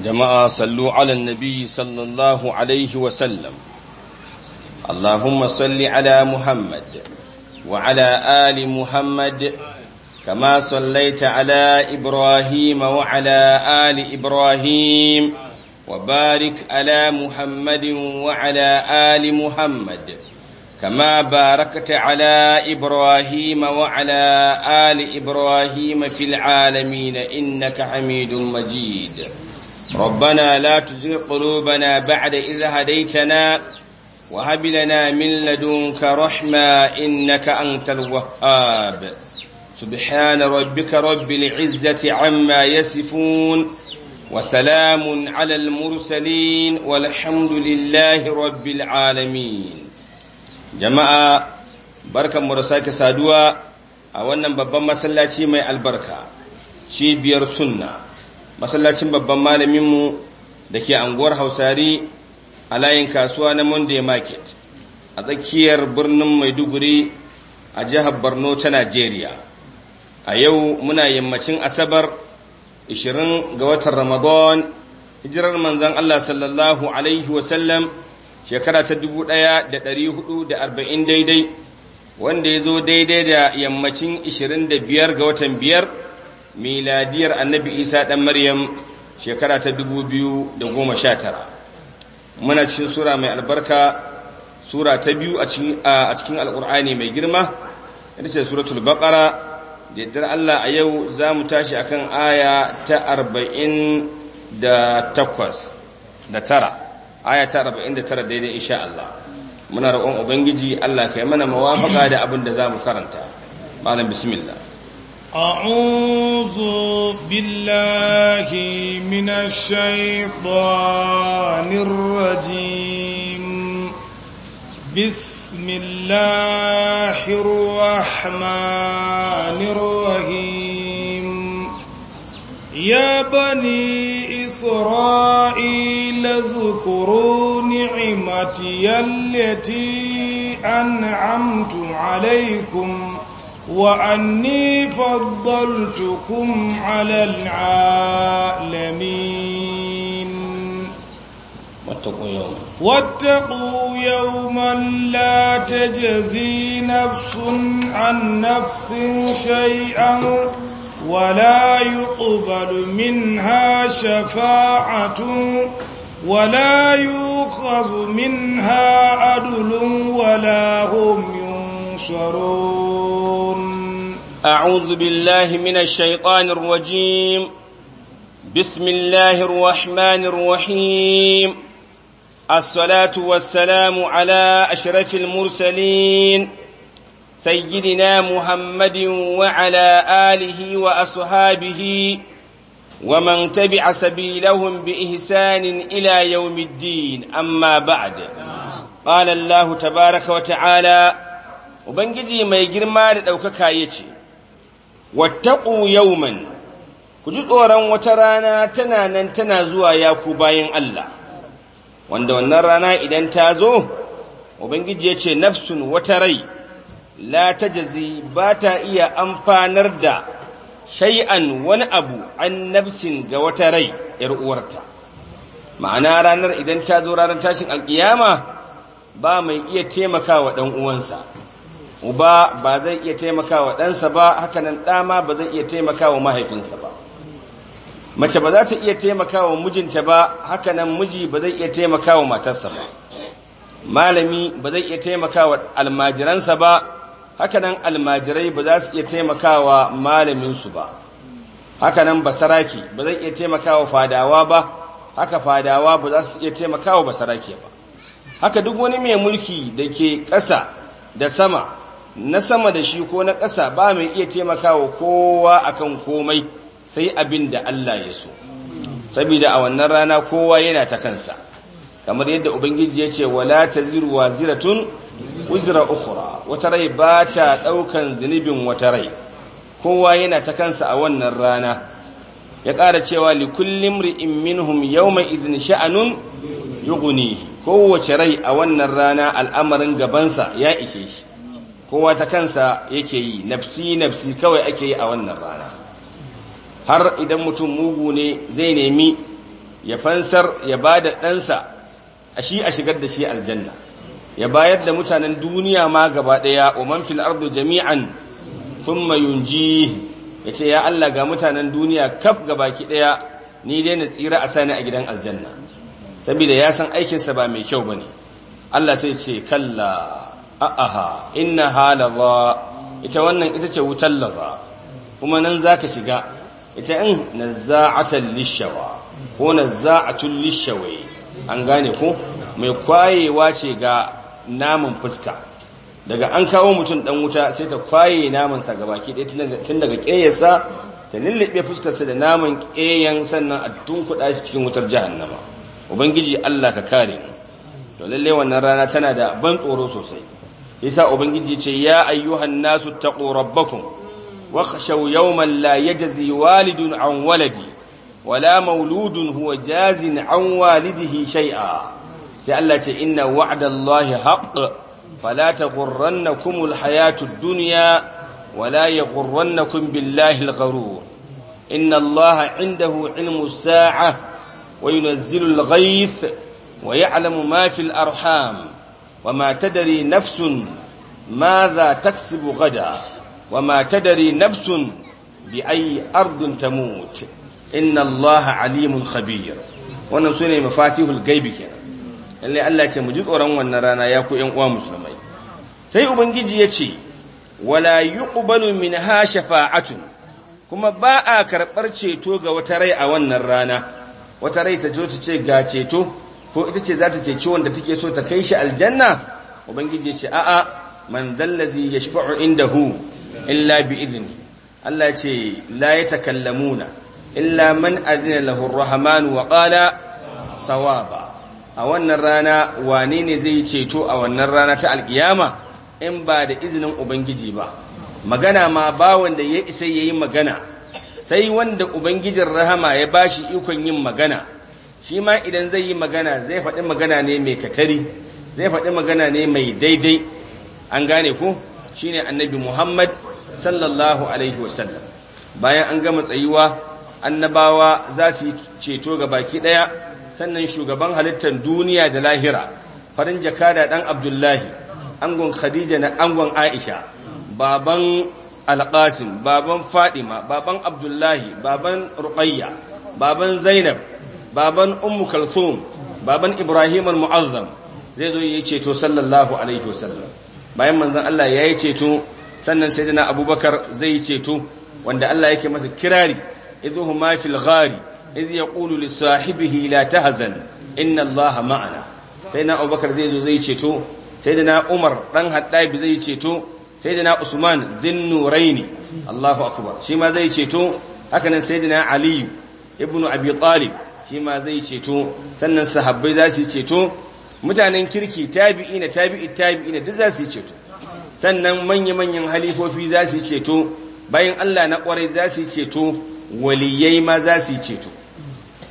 jama'a sallu ala nabi sallallahu alaihi wasallam Allahumma salli ala Muhammad wa ala ali Muhammad kama sallaita ala Ibrahim wa ala ali Ibrahim wa barik ala Muhammadin wa ala ali Muhammad kama barakata كما باركت على إبراهيم وعلى آل إبراهيم في العالمين إنك حميد مجيد ربنا لا تزغ قلوبنا بعد إذ هديتنا وهب لنا من لدنك رحمة إنك أنت الوهاب سبحان ربك رب العزة عما يصفون وسلام على المرسلين والحمد لله رب العالمين جماعة بركة مرساك سادوا أولا ببما سلاتي مي البركة شيبير سنه masallacin babban malaminmu da ke anguwar hausari a layin kasuwa na monday market a tsakiyar birnin maiduguri a jihar borno ta najeriya a yau muna yammacin asabar 20 ga watan ramadan hijirar manzan allah sallallahu alaihi wasallam shekara ta 1440 daidai wanda ya zo daidai da yammacin 25 ga watan biyar miladiyar annabi isa ɗan maryam shekara ta 2019 muna cikin sura mai albarka sura ta biyu a cikin alkur'ani mai girma ita ce suratul baqara da allah a yau za mu tashi a kan aya ta 48 da takwas da tara aya ta 49 daidai insha Allah muna raƙon ubangiji Allah ka kai mana mawafaka da abin da za mu karanta malam bismillah أعوذ بالله من الشيطان الرجيم بسم الله الرحمن الرحيم يا بني إسرائيل اذكروا نعمتي التي أنعمت عليكم وأني فضلتكم على العالمين واتقوا يوما واتقوا يوما لا تجزي نفس عن نفس شيئا ولا يقبل منها شفاعة ولا يؤخذ منها عدل ولا هم يحشرون أعوذ بالله من الشيطان الرجيم بسم الله الرحمن الرحيم الصلاة والسلام على أشرف المرسلين سيدنا محمد وعلى آله وأصحابه ومن تبع سبيلهم بإحسان إلى يوم الدين أما بعد قال الله تبارك وتعالى Ubangiji mai girma da ɗaukaka ya ce, Wattaƙu yauman, ku ji tsoron wata rana tana nan tana zuwa ya ku bayan Allah, wanda wannan rana idan ta zo, Ubangiji ya ce, Nafsun wata rai, la ta jazi ba ta iya amfanar da shai'an wani abu an nafsin ga wata rai uwarta. Ma'ana ranar idan ta zo ranar tashin alƙiyama ba mai iya taimaka wa ɗan uwansa. uba ba zai iya taimakawa ɗansa ba hakanan ɗama ba zai iya taimakawa mahaifinsa ba mace ba za ta iya taimakawa mijinta ba hakanan miji ba zai iya taimakawa matarsa ba malami ba zai iya taimakawa almajiransa ba hakanan almajirai ba za su iya taimakawa malaminsu ba hakanan basaraki ba zai iya taimakawa fadawa ba haka fadawa ba za su iya taimakawa basaraki ba haka duk wani mai mulki da ke ƙasa da sama na sama da shi ko na ƙasa ba mai iya taimakawa kowa akan komai sai abin da Allah ya so saboda a wannan rana kowa yana ta kansa kamar yadda ubangiji ya ce wala taziru ziratun wizra ukhra wata rai ba ta daukan zunubin wata rai kowa yana ta kansa a wannan rana ya ƙara cewa li ri'iminhum yau minhum yawma sha'anun yughni kowace rai a wannan rana al'amarin gabansa ya ishe shi kowa ta kansa yake yi nafsi nafsi kawai ake yi a wannan rana har idan mutum mugu ne zai nemi ya fansar ya ba da ɗansa a shi a shigar da shi aljanna ya bayar da mutanen duniya ma gaba ɗaya wa man fil ardu jami'an thumma yunji ya ce ya Allah ga mutanen duniya kaf gabaki ɗaya ni dai na tsira a sani a gidan aljanna saboda ya san aikinsa ba mai kyau bane Allah sai ce kalla a'aha inna halaza ita wannan ita ce wutar laza kuma nan zaka shiga ita in nazza'atan lishawa ko nazza'atul lishawai an gane ko mai kwayewa ce ga namun fuska daga an kawo mutum dan wuta sai ta kwaye namansa gabaki ɗaya tun daga ƙeyarsa ta lullube fuskarsa da naman ƙeyan sannan a tunkuɗa shi cikin wutar jahannama ubangiji Allah ka kare mu to lalle wannan rana tana da ban tsoro sosai yasa ubangiji ce ya ayyuhan nasu taqu rabbakum wakhshaw yawman la yajzi walidun an waladi wala mauludun huwa jazin an walidihi shay'a sai Allah ce inna wa'dallahi haqq fala taghurrannakumul hayatud dunya wala yaghurrannakum billahi al-ghurur inna Allah 'indahu 'ilmus sa'ah وينزل الغيث ويعلم ma في الأرحام وما تدري نفس ماذا تكسب غدا وما تدري نفس بأي أرض تموت إن الله عليم خبير wannan sune mafatihul gaibi kenan lalle Allah ce mu ji tsoron wannan rana ya ku uwa musulmai sai ubangiji ya ce wala yuqbalu minha shafa'atun kuma ba a karɓar ceto ga wata rai a wannan rana wata rai ta zo ta ce ga ceto ko ita ce za ta ceci wanda take so ta kai shi aljanna ubangiji ya ce a'a man dallazi yashfa'u indahu illa bi idni Allah ya ce la yatakallamuna illa man adina lahu arrahman wa qala sawaba a wannan rana wane ne zai ceto a wannan rana ta alkiyama in ba da izinin ubangiji ba magana ma ba wanda ya isa yayi magana sai wanda ubangijin rahama ya bashi ikon yin magana shi ma idan zai yi magana zai faɗi magana ne mai katari zai faɗi magana ne mai daidai an gane ko shine annabi muhammad sallallahu alaihi wasallam bayan an gama tsayuwa annabawa za su yi ceto ga baki ɗaya sannan shugaban halittar duniya da lahira farin jakada ɗan abdullahi angon khadija na angon aisha baban alƙasim baban fadima baban abdullahi baban ruƙayya baban zainab baban ummu kalthum baban ibrahim al-mu'azzam zai zo yi ceto sallallahu alaihi wasallam bayan manzon Allah ya yi ceto sannan sayyidina abubakar zai yi ceto wanda Allah yake masa kirari idhuhuma fil ghari iz yaqulu li sahibihi la tahzan inna allaha ma'ana sayyidina abubakar zai zo zai ceto sayyidina umar dan haddabi zai ceto sayyidina usman dhin allahu akbar shi ma zai ceto hakanan sayyidina ali ibnu abi talib shi ma zai ceto sannan sahabbai za su ceto mutanen kirki tabi'ina tabi'i na duk za su ceto sannan manya-manyan halifofi za su ceto bayan Allah na kwarai za su ceto waliyai ma za su ceto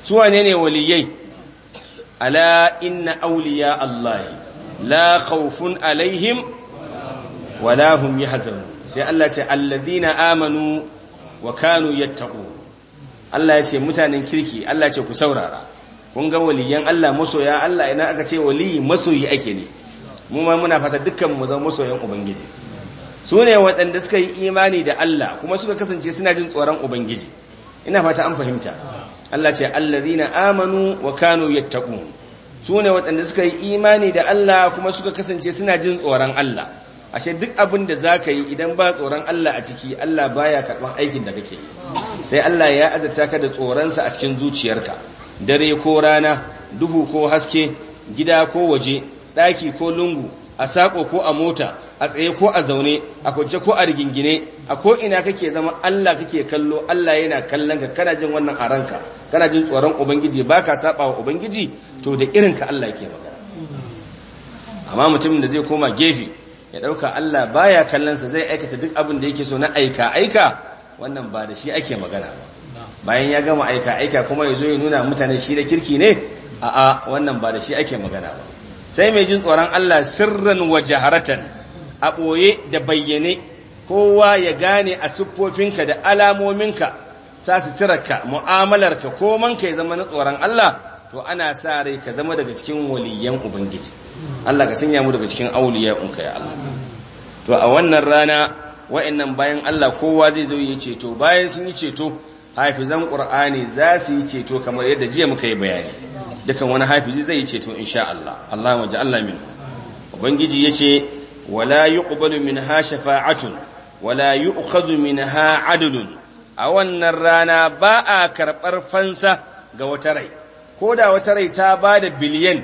su wane ne waliyai ala inna auliya Allah la khawfun alaihim wala hum yahzanun sai Allah ce alladhina amanu wa kanu yattaqun Allah ya ce mutanen kirki Allah ce ku saurara kun ga waliyan Allah masoya Allah ina aka ce wali masoyi ake ne mu ma muna fata dukkan mu zama masoyan ubangiji su ne waɗanda suka yi imani da Allah kuma suka kasance suna jin tsoron ubangiji ina fata an fahimta Allah ce allazina amanu wa kanu yattaqun su ne waɗanda suka yi imani da Allah kuma suka kasance suna jin tsoron Allah ashe duk abin da zaka yi idan ba tsoron Allah a ciki Allah baya karban aikin da kake yi sai Allah ya azurta ka da tsoronsa a cikin zuciyarka dare ko rana duhu ko haske gida ko waje ɗaki ko lungu a saƙo ko a mota a tsaye ko a zaune a kwance ko a rigingine a ko ina kake zama Allah kake kallo Allah yana kallon ka kana jin wannan a ranka kana jin tsoron ubangiji ka saba wa ubangiji to da irin ka Allah yake magana amma mutumin da zai koma gefe ya ɗauka Allah baya kallon sa zai aikata duk abin da yake so na aika aika wannan ba da shi ake magana bayan ya gama aika aika kuma ya zo ya nuna mutane shi da kirki ne a'a wannan ba da shi ake magana ba sai mai jin tsoron Allah sirran wa jaharatan a ɓoye da bayyane kowa ya gane a siffofinka da alamominka sa su ka mu'amalarka komanka ya zama na tsoron Allah to ana sa rai ka zama daga cikin waliyan ubangiji Allah ka sanya mu daga cikin auliya unka ya Allah to a wannan rana wa'annan bayan Allah kowa zai zo yi ceto bayan sun yi ceto haifizan qur'ani za su yi ceto kamar yadda jiya muka yi bayani dukan wani hafizi zai yi ceto insha Allah Allah waje Allah min ubangiji yace wala yuqbalu minha shafa'atun wala yu'khadhu minha 'adlun a wannan rana ba a karɓar fansa ga wata rai ko da wata rai ta ba da biliyan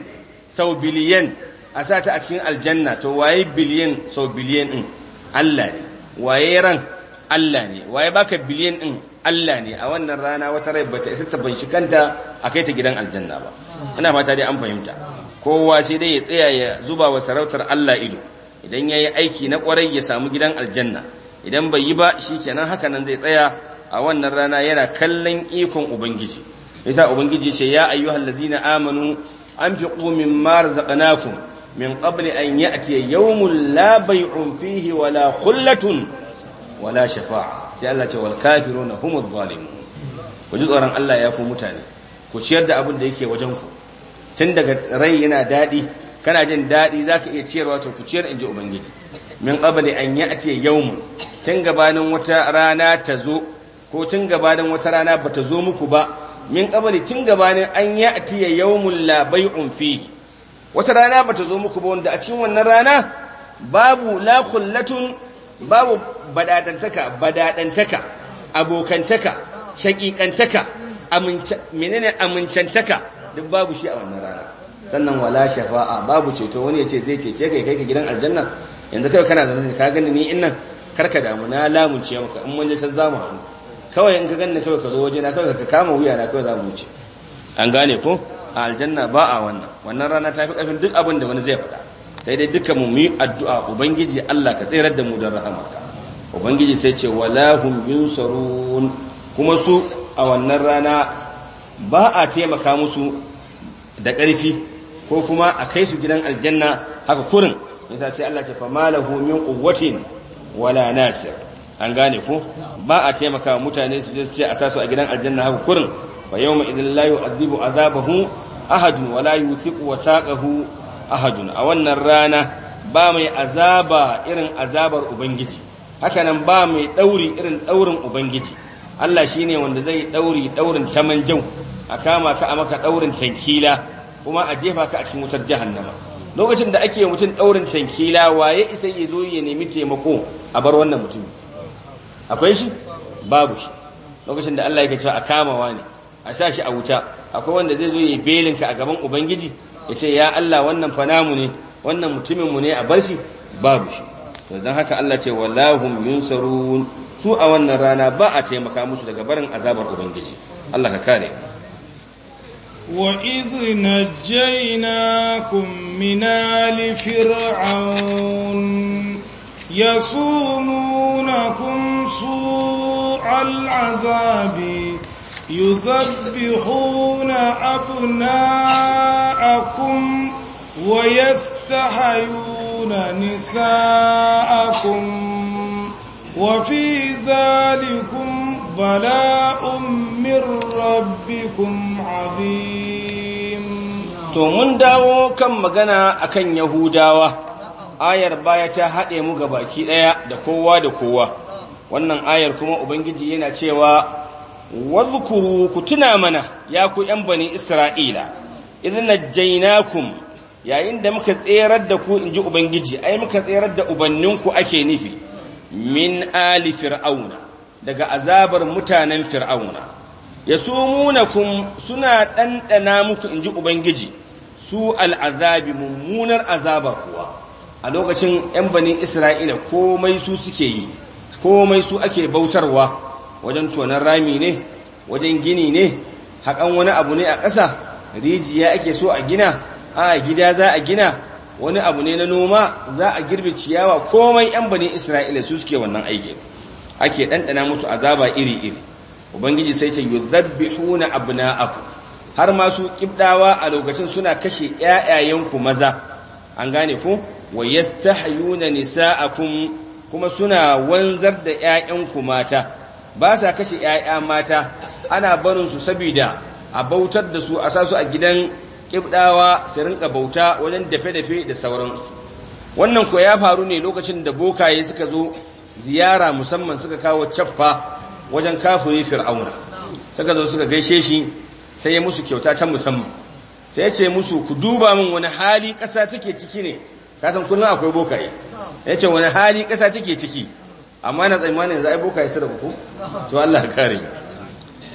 sau biliyan a sa a cikin aljanna to waye biliyan sau biliyan Allah waye ran Allah ne waye baka biliyan din Allah ne a wannan rana wata rai bata isa ta banshi kanta a kai ta gidan aljanna ba ina fata dai an fahimta kowa sai dai ya tsaya ya zuba wa sarautar Allah ido idan yayi aiki na kwarai ya samu gidan aljanna idan bai yi ba shikenan haka nan zai tsaya a wannan rana yana kallon ikon ubangiji yasa ubangiji ce ya ayyuhallazina amanu anfiqu mimma razaqnakum min qabli an ya'ti yawmun la bay'un fihi wala khullatun wala shafa'a sai Allah ce wal kafiruna humuz zalimun ku ji tsoron Allah ya ku mutane ku ciyar da abin da yake wajen ku tun daga rai yana dadi kana jin dadi zaka iya ciyarwa to ku ciyar inji ubangiji min qabli an ya'ti yawmun tun gabanin wata rana ta zo ko tun gabanin wata rana bata zo muku ba min qabli tun gabanin an ya'ti yawmun la bay'un fihi wata rana bata zo muku ba wanda a cikin wannan rana babu la kullatun babu badadantaka badadantaka abokantaka shaqiqantaka menene amincantaka duk babu shi a wannan rana sannan wala shafa'a babu ceto wani ya ce zai cece kai kai ka gidan aljanna yanzu kai kana zaune ka gani ni innan karka damu na lamunce maka in mun je can zamu hawo kawai in ka ganni kawai ka zo waje na kawai ka kama wuya na kawai zamu wuce an gane ko a aljanna ba a wannan wannan rana ta fi ƙarfin duk abin da wani zai faɗa sai dai duka mu yi addu'a ubangiji Allah ka tsirar da mu don rahamarka ubangiji sai ce wala hum yunsarun kuma su a wannan rana ba a taimaka musu da ƙarfi ko kuma a kai su gidan aljanna haka kurin yasa sai Allah ce fa malahu min quwwatin wala nasir an gane ko ba a taimaka mutane su je su ce a sasu a gidan aljanna haka kurin fa yawma idhil la yu'adhibu azabahu Ahadu wala yuthiqu wathaqahu ahadun a wannan rana ba mai azaba irin azabar ubangiji hakanan ba mai dauri irin daurin ubangiji Allah shine wanda zai dauri daurin tamanjau a kama ka a maka daurin tankila kuma a jefa ka a cikin wutar jahannama lokacin da ake mutum daurin tankila waye isa ya zo ya nemi taimako a bar wannan mutum akwai shi babu shi lokacin da Allah yake cewa a kama wani a sa shi a wuta akwai wanda zai zo ya belin ka a gaban ubangiji ya ce ya Allah wannan fanamu ne wannan mutumin mu ne a bar shi babu shi to dan haka Allah ce wallahum yunsarun su a wannan rana ba a taimaka musu daga barin azabar ubangiji Allah ka kare wa وإذ نجيناكم من آل فرعون يصومونكم su العذاب يذبحون أبناءكم ويستحيون نساءكم وفي ذلكم بلاء من ربكم عظيم to mun dawo kan magana akan yahudawa ayar baya ta haɗe mu ga baki ɗaya da kowa da kowa wannan ayar kuma ubangiji yana cewa wadhkuru ku tuna mana ya ku yan bani isra'ila idan najjaynakum yayin da muka tserar da ku inji ubangiji ai muka tserar da ubanninku ake nufi min ali fir'auna daga azabar mutanen fir'auna yasumunakum suna dandana muku inji ubangiji su al'azabi mummunar azaba kuwa a lokacin yan bani isra'ila komai su suke yi komai su ake bautarwa wajen tonan rami ne wajen gini ne haƙan wani abu ne a ƙasa rijiya ake so a gina a gida za a gina wani abu ne na noma za a girbe ciyawa komai yan bane isra'ila su suke wannan aiki ake ɗanɗana musu azaba iri-iri ubangiji sai ce na aku. har masu ƙibɗawa a lokacin suna kashe yayayanku maza an gane ku wa nisa nisa'akum kuma suna wanzar da 'ya'yanku mata ba sa kashe ‘ya'ya mata ana su saboda a bautar da su a sasu a gidan ƙibɗawa su rinka bauta wajen dafe-dafe da sauransu wannan ko ya faru ne lokacin da bokaye suka zo ziyara musamman suka kawo caffa wajen kafin fir'auna suka zo suka gaishe shi sai ya musu kyauta ta musamman sai ya ce musu ku duba min wani hali ƙasa take ciki ne kasan kullum akwai bokaye ya ce wani hali ƙasa take ciki amma yana tsammani yanzu ai boka yasa da ku to Allah ya kare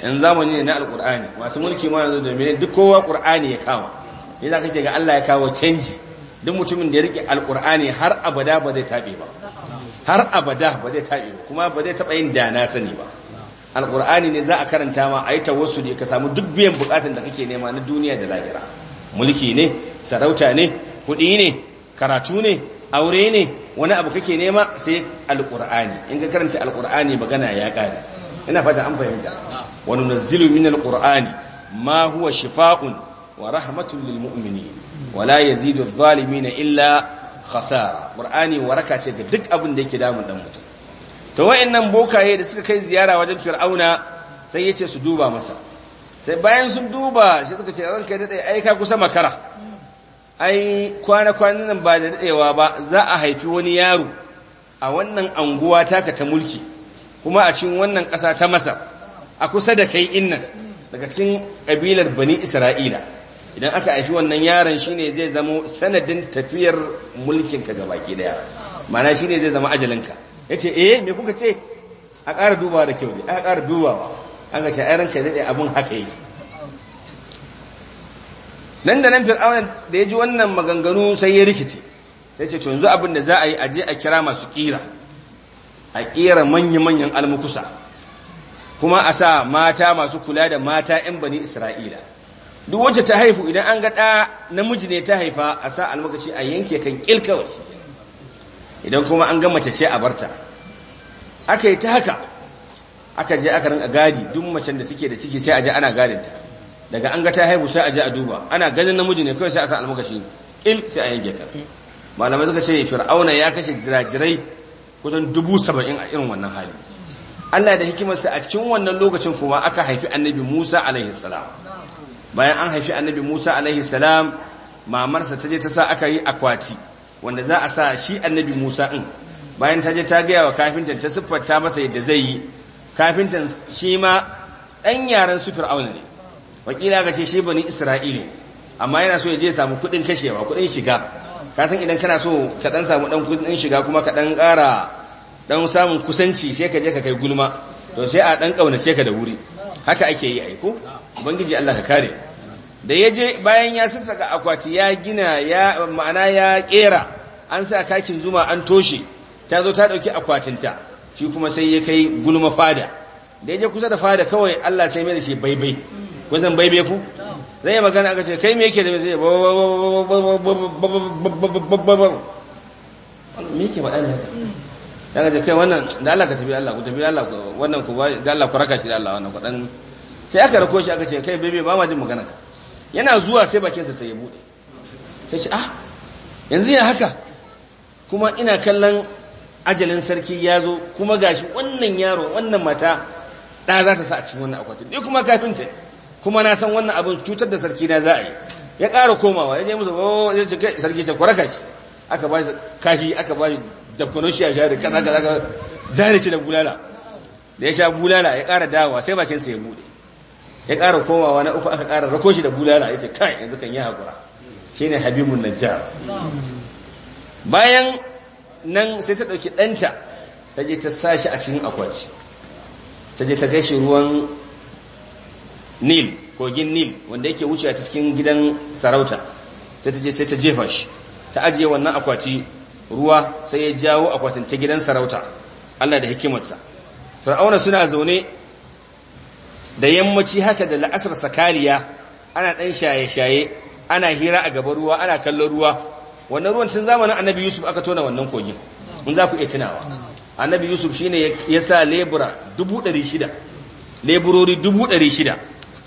in zamani ne na alqur'ani masu mulki ma yanzu da duk kowa qur'ani ya kawo yasa kake ga Allah ya kawo canji duk mutumin da ya rike alqur'ani har abada ba zai tabe ba har abada ba zai tabe ba kuma ba zai taba yin dana sani ba alqur'ani ne za a karanta ma ayi tawassuli ka samu duk biyan bukatun da kake nema na duniya da lahira mulki ne sarauta ne kuɗi ne karatu ne aure ne wani abu kake nema sai Alƙur'ani, in ka karanta Alƙur'ani magana ya kare ina fata an fahimta Wani nunazzilu min Alƙur'ani, ma huwa shifaa'un wa rahmatun lil mu'minin wa la yazidu adh illa khasara qur'ani waraka ce ga duk abin da yake damun dan mutum to wayannan bokaye da suka kai ziyara wajen fir'auna sai yace su duba masa sai bayan sun duba sai suka ce ranka dade ai ka kusa makara ai kwana-kwanan nan ba da daɗewa ba za a haifi wani yaro a wannan anguwa taka ta mulki kuma a cikin wannan ƙasa ta masar a kusa da kai inna daga cikin ƙabilar bani isra'ila idan aka haifi wannan yaron shi ne zai zama sanadin tafiyar mulkinka ga baki daya mana ne zai zama ajalinka ya ce eh me kuka ce a ƙara dubawa da kyau ne a ƙara dubawa an ga a ai ka daɗe abin haka yake nan da nan fir'auna da ya ji wannan maganganu sai ya rikice ya ce to yanzu abin da za a yi a je a kira masu kira a kira manya-manyan almukusa kuma a sa mata masu kula da mata 'yan bani isra'ila duk wacce ta haifu idan an ga ɗa namiji ne ta haifa a sa almakashi a yanke kan ƙilkawar idan kuma an ga mace ce a barta aka yi ta haka aka je aka a gadi duk macen da take da ciki sai a je ana gadinta daga an ga ta haihu sai a je a duba ana ganin namiji ne kawai sai a sa almakashi kil sai a yanke ka malamai suka ce fir'auna ya kashe jirajirai kusan dubu saba'in a irin wannan hali Allah da hikimarsa a cikin wannan lokacin kuma aka haifi annabi Musa alaihi bayan an haifi annabi Musa alaihi salam mamarsa ta je ta sa aka yi akwati wanda za a sa shi annabi Musa in bayan ta je ta gaya wa kafintan ta siffarta masa yadda zai yi kafinta shi ma ɗan yaren su fir'auna ne wakila ka ce shi bani isra'ili amma yana so ya je samu kuɗin kashewa kuɗin shiga kasan idan kana so ka ɗan samu ɗan kudin shiga kuma ka dan ƙara ɗan samun kusanci sai ka je ka kai gulma to sai a ɗan kaunace ka da wuri haka ake yi aiko ubangiji Allah ka kare da ya je bayan ya sassaka akwati ya gina ya ma'ana ya ƙera an sa kakin zuma an toshe ta zo ta ɗauki akwatinta shi kuma sai ya kai gulma fada da ya je kusa da fada kawai Allah sai mai da shi baibai Ko zan bai ku zai magana aka ce kai me yake da me zai yake faɗa ne daga ce kai wannan da Allah ka tafi Allah ku tafi Allah wannan ku da Allah ku raka shi da Allah wannan sai aka rako shi aka ce kai ba ma jin magana ka yana zuwa sai bakinsa sai ya buɗe sai ce ah yanzu ya haka kuma ina kallon ajalin sarki ya zo kuma gashi wannan yaro wannan mata da za ta sa a cikin wannan akwatin dai kuma kuma na san wannan abin cutar da sarki na za a yi ya ƙara komawa ya je musu ba oh, ya ce kai sarki ce kwaraka shi aka ba shi kashi aka ba shi dabkano shi a shari kaza kaza shi da bulala da ya sha bulala ya ƙara dawowa sai bakin sa ya bude ya ƙara komawa na uku aka ƙara rako shi da bulala ya ce kai yanzu kan yi hakura shine habibun najjar bayan nan sai ta ɗauki ɗanta ta je ta sashi a cikin akwati ta je ta gaishe ruwan nil kogin nil wanda yake wucewa a cikin gidan sarauta sai ta je sai ta jefa shi ta ajiye wannan akwati ruwa sai ya jawo akwatin ta gidan sarauta Allah da hikimarsa fir'auna suna zaune da yammaci haka da la'asar sakariya ana dan shaye-shaye ana hira a gaban ruwa ana kallon ruwa wannan ruwan tun zamanin annabi yusuf aka tona wannan kogin in za ku iya tunawa annabi yusuf shine ya sa lebura 600 leburori 600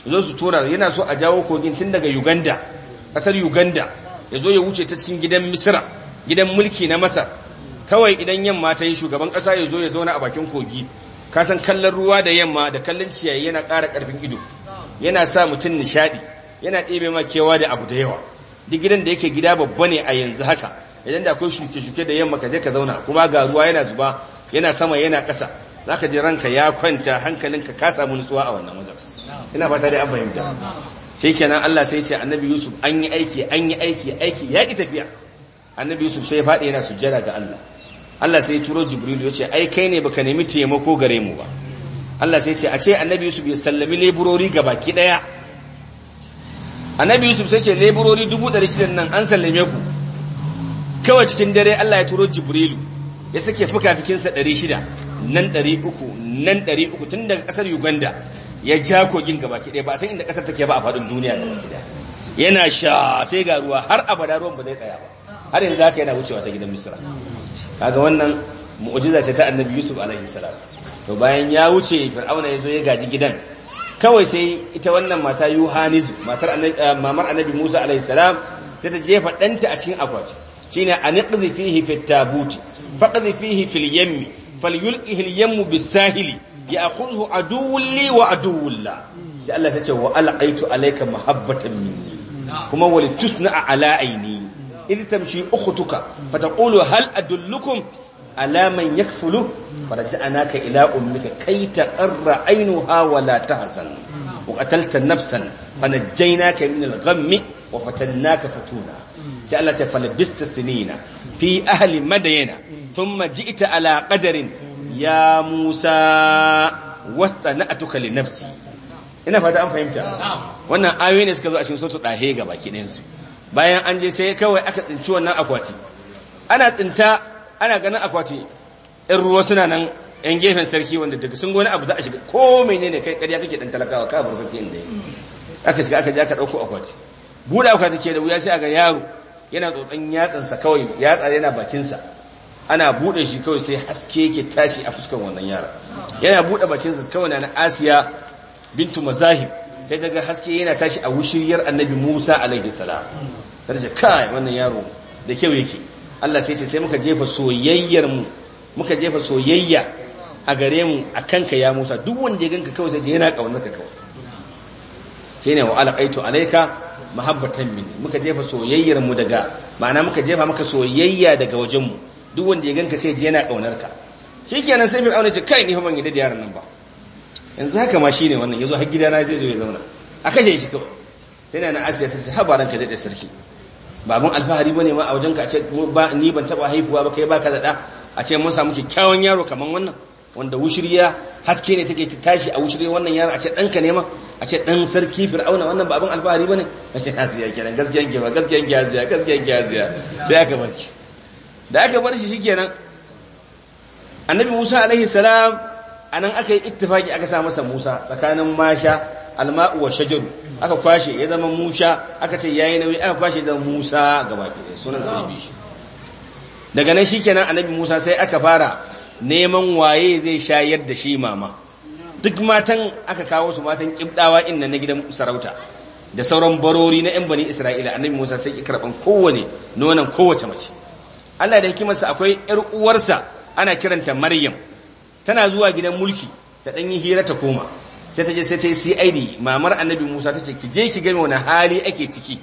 zo su tura yana so a jawo kogin tun daga Uganda kasar Uganda ya zo ya wuce ta cikin gidan misira gidan mulki na Masar kawai idan yamma ta yi shugaban kasa ya zo ya zauna a bakin kogi kasan kallon ruwa da yamma da kallon ciyayi yana ƙara ƙarfin ido yana sa mutum nishadi yana ɗebe ma kewa da abu da yawa duk gidan da yake gida babba ne a yanzu haka idan da akwai shuke-shuke da yamma ka je ka zauna kuma ga ruwa yana zuba yana sama yana ƙasa zaka je ranka ya kwanta hankalinka ka samu nutsuwa a wannan wajen ina fata dai an fahimta sai kenan Allah sai ce annabi Yusuf an yi aiki an yi aiki aiki ya ki tafiya annabi Yusuf sai faɗi yana sujjada ga Allah Allah sai turo Jibril ya ce ai kai ne baka nemi taimako gare mu ba Allah sai ce a ce annabi Yusuf ya sallami leburori ga baki daya annabi Yusuf sai ce leburori 600 nan an sallame ku kawai cikin dare Allah ya turo Jibrilu ya sake fuka sa 600 nan 300 nan 300 tun daga kasar Uganda ya ja kogin gabaki ɗaya ba san inda ƙasar take ba a faɗin duniya gabaki gida yana sha sai ga ruwa har abada ruwan ba zai tsaya ba har yanzu haka yana wucewa ta gidan misra kaga wannan mu'jiza ce ta annabi yusuf alaihi salam to bayan ya wuce fir'auna ya zo ya gaji gidan kawai sai ita wannan mata Yohanisu matar eh, mamar annabi musa alaihi salam sai ta jefa ɗanta a cikin akwati shine aniqzi fihi fit tabuti faqdi fihi fil yammi falyulqihi al yammu bis sahili ya akhudhu aduwulli wa aduwulla sai Allah ta ce wa al'aitu alayka mahabbatan minni kuma wali tusna ala aini uku tamshi ukhtuka fataqulu hal adullukum ala man yakfulu faraja'naka ila ummika kay taqarra ainuha wa la tahzan wa qatalta nafsan fanajjaynaka min al-ghammi wa fatannaka fatuna sai Allah ta falabista sinina fi ahli madayna thumma ji'ta ala qadarin ya Musa wastana'tuka li nafsi ina fata an fahimta wannan ayoyi ne suka zo a cikin sautu dahe ga baki ɗayansu bayan an je sai kawai aka tsinci wannan akwati ana tsinta ana ganin akwati in ruwa suna nan yan gefen sarki wanda daga sun gona abu za a shiga ko menene kai ƙarya kake dan talakawa ka bar sarki inda aka shiga aka je aka ɗauko akwati buɗe akwati ke da wuya sai a ga yaro yana tsotsan yatsansa kawai yatsa yana bakinsa ana buɗe shi kawai sai haske yake tashi a fuskan wannan yara yana buɗe bakinsa kawai na asiya bintu mazahib sai daga haske yana tashi a wushiyar annabi musa alaihi salam sai ce kai wannan yaro da kyau yake allah sai ce sai muka jefa soyayyar mu muka jefa soyayya a gare mu a ka ya musa duk wanda ya ganka kawai sai ce yana kaunar ka kawai kene wa alaqaitu alayka mahabbatan minni muka jefa soyayyar mu daga ma'ana muka jefa maka soyayya daga wajen mu duk wanda ya ganka sai yana kaunar ka shikenan sai fir'auna ce kai ni fa ban yi da yaran nan ba yanzu haka ma shine wannan yazo har gidana zai zo ya zauna a kashe shi kawai sai na asiya ta ce haba ka da sarki baban alfahari bane ma a wajen ka a ce ni ban taba haifuwa ba kai baka da a ce mun samu kyakkyawan yaro kaman wannan wanda wushiriya haske ne take tashi a wushiriya wannan yaro a ce ɗanka ne ma a ce ɗan sarki fir'auna wannan ba abin alfahari ba ne a ce hasiya kenan gaskiyan ke ba gaskiyan ke hasiya gaskiyan ke hasiya sai aka barki da aka bar shi shikenan annabi musa alaihi salam a aka yi ittifaki aka sa masa musa tsakanin masha alma'u wa shajaru aka kwashe ya zama Musa aka ce yayi nauyi aka kwashe ya zama musa gaba ɗaya sunan sai bi shi daga nan shikenan annabi musa sai aka fara neman waye zai shayar da shi mama duk matan aka kawo su matan kibdawa inna na gidan sarauta da sauran barori na 'yan bani isra'ila annabi musa sai ki karɓan kowane nonon kowace mace Allah da sa akwai ƴar uwarsa ana kiranta Maryam, tana zuwa gidan mulki, ta dan yi hira ta koma, sai ta je sai ta yi CID, mamar annabi Musa ta ce, ki je ki gane wani hali ake ciki,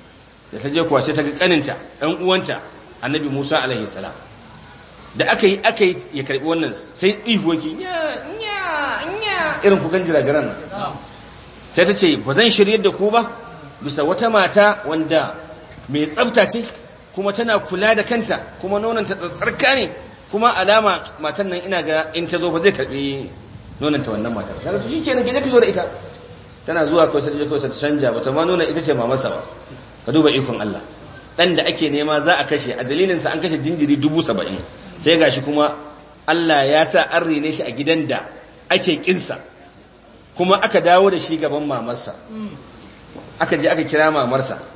da ta je kuwa sai ta ga ƙaninta, ɗan uwanta, annabi Musa alaihi salam. Da aka yi aka yi ya karɓi wannan sai ihuwaki, nya, nya, nya, irin kukan jirajiran nan. Sai ta ce, ba zan shirya da ku ba, bisa wata mata wanda mai tsafta ce, kuma tana kula da kanta kuma nonanta tsarka ne kuma alama matan nan ina ga in ta zo ba zai karbi nonanta wannan matar daga ke nan ke zo da ita tana zuwa kawai sai kawai ta canja ta ma nuna ita ce mamarsa ba ka duba ikon Allah dan da ake nema za a kashe a dalilin sa an kashe jinjiri dubu saba'in sai gashi kuma Allah ya sa an rene shi a gidan da ake kinsa kuma aka dawo da shi gaban mamarsa mm. aka je aka kira mamarsa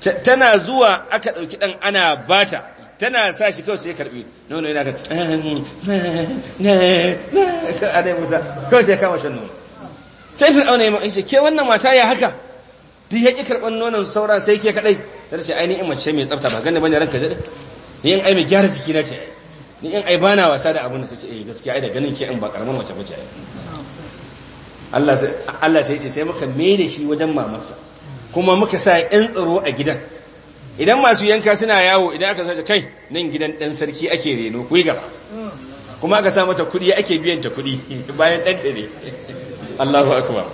tana zuwa aka ɗauki ɗan ana bata tana sa shi kawai sai karbi nono yana ka eh, eh, eh, adai musa kawai sai kama shan nono sai fir'auna in ce ke wannan mata ya haka duk ya ki karɓar nonon saura sai ke kaɗai da ce ai ni in mace mai tsafta ba gani bane ranka jaɗi ni in ai mai gyara jiki na ce ni in ai bana wasa da abin da ta ce eh gaskiya ai da ganin ke in ba karamar mace ba ce ai Allah sai ya ce sai muka mai da shi wajen mamarsa kuma muka sa 'yan tsaro a gidan idan masu yanka suna yawo idan aka sace kai nan gidan ɗan sarki ake reno yi gaba kuma aka sa mata kuɗi ake biyan ta kuɗi bayan ɗan ne Allahu akbar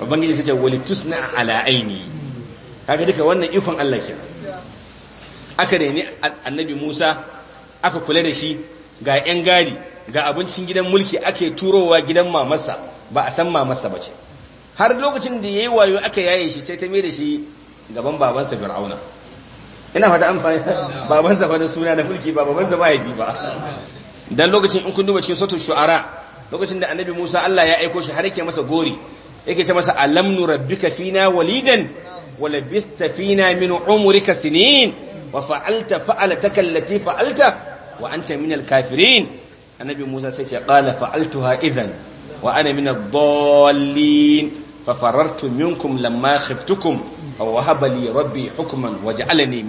Babban sai ce walitusna ala aini kaga duka wannan ifan Allah ke. aka reni annabi Musa aka kula da shi ga 'yan gari ga abincin gidan mulki ake turowa gidan mamarsa ba a san mamarsa ba ce har lokacin da yayi wayo aka yaye shi sai ta mai da shi gaban babansa fir'auna ina fata an fahimta babansa fa da suna da mulki ba babansa ba yafi ba dan lokacin in kun duba cikin sautul shu'ara lokacin da annabi Musa Allah ya aiko shi har yake masa gori yake ce masa alam nurabbika fina walidan wa fina min umrika sinin wa fa'alta fa'alataka allati fa'alta wa anta min al-kafirin annabi Musa sai ce qala fa'altuha idhan wa ana min ad-dallin fa farartu minkum lamma khiftukum aw wahaba li rabbi hukman waj'alani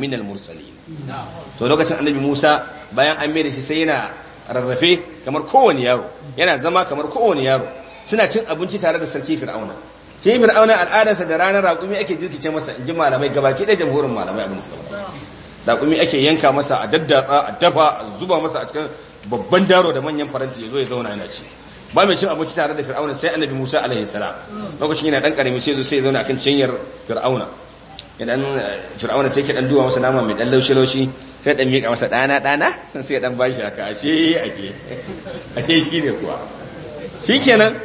to lokacin annabi Musa bayan an mai da shi sai yana rarrafe kamar kowane yaro yana zama kamar kowane yaro suna cin abinci tare da sarki Fir'auna shi Fir'auna al'adarsa da ranar raƙumi ake jirkice masa ji malamai gabaki da jamhurin malamai abin suka raƙumi ake yanka masa a daddatsa a dafa a zuba masa a cikin babban daro da manyan faranti ya zo ya zauna yana ci ba mai cin abinci tare da fir'auna sai annabi musa alaihi salam lokacin yana dan karami sai zo sai zauna akan cinyar fir'auna idan fir'auna sai ke dan duwa masa nama mai dan laushi laushi sai dan miƙa masa dana dana sai dan bashi haka ashe ake ashe shi ne kuwa shikenan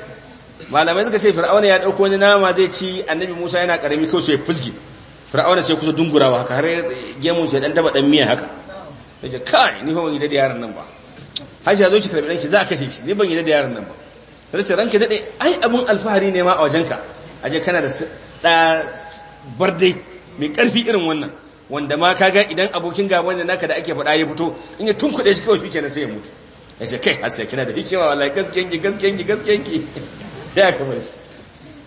malamai suka ce fir'auna ya dauko wani nama zai ci annabi musa yana karami kawai sai fusgi fir'auna sai kusa dungurawa haka har gemu sai dan taba dan miya haka yace kai ni fa wani gida da yaran nan ba ya zo shi karbi ranki za a kashe shi ne ban yi da yaran nan ba sai ce ranki daɗe ai abun alfahari ne ma a wajenka je kana da bar bardai mai ƙarfi irin wannan wanda ma kaga idan abokin gaba da naka da ake faɗa ya fito in ya tunkuɗe shi kawai shikenan sai ya mutu ya ce kai hasiya kina da hikima wallahi gaskiyan ki gaskiyan ki gaskiyan ki sai aka bar shi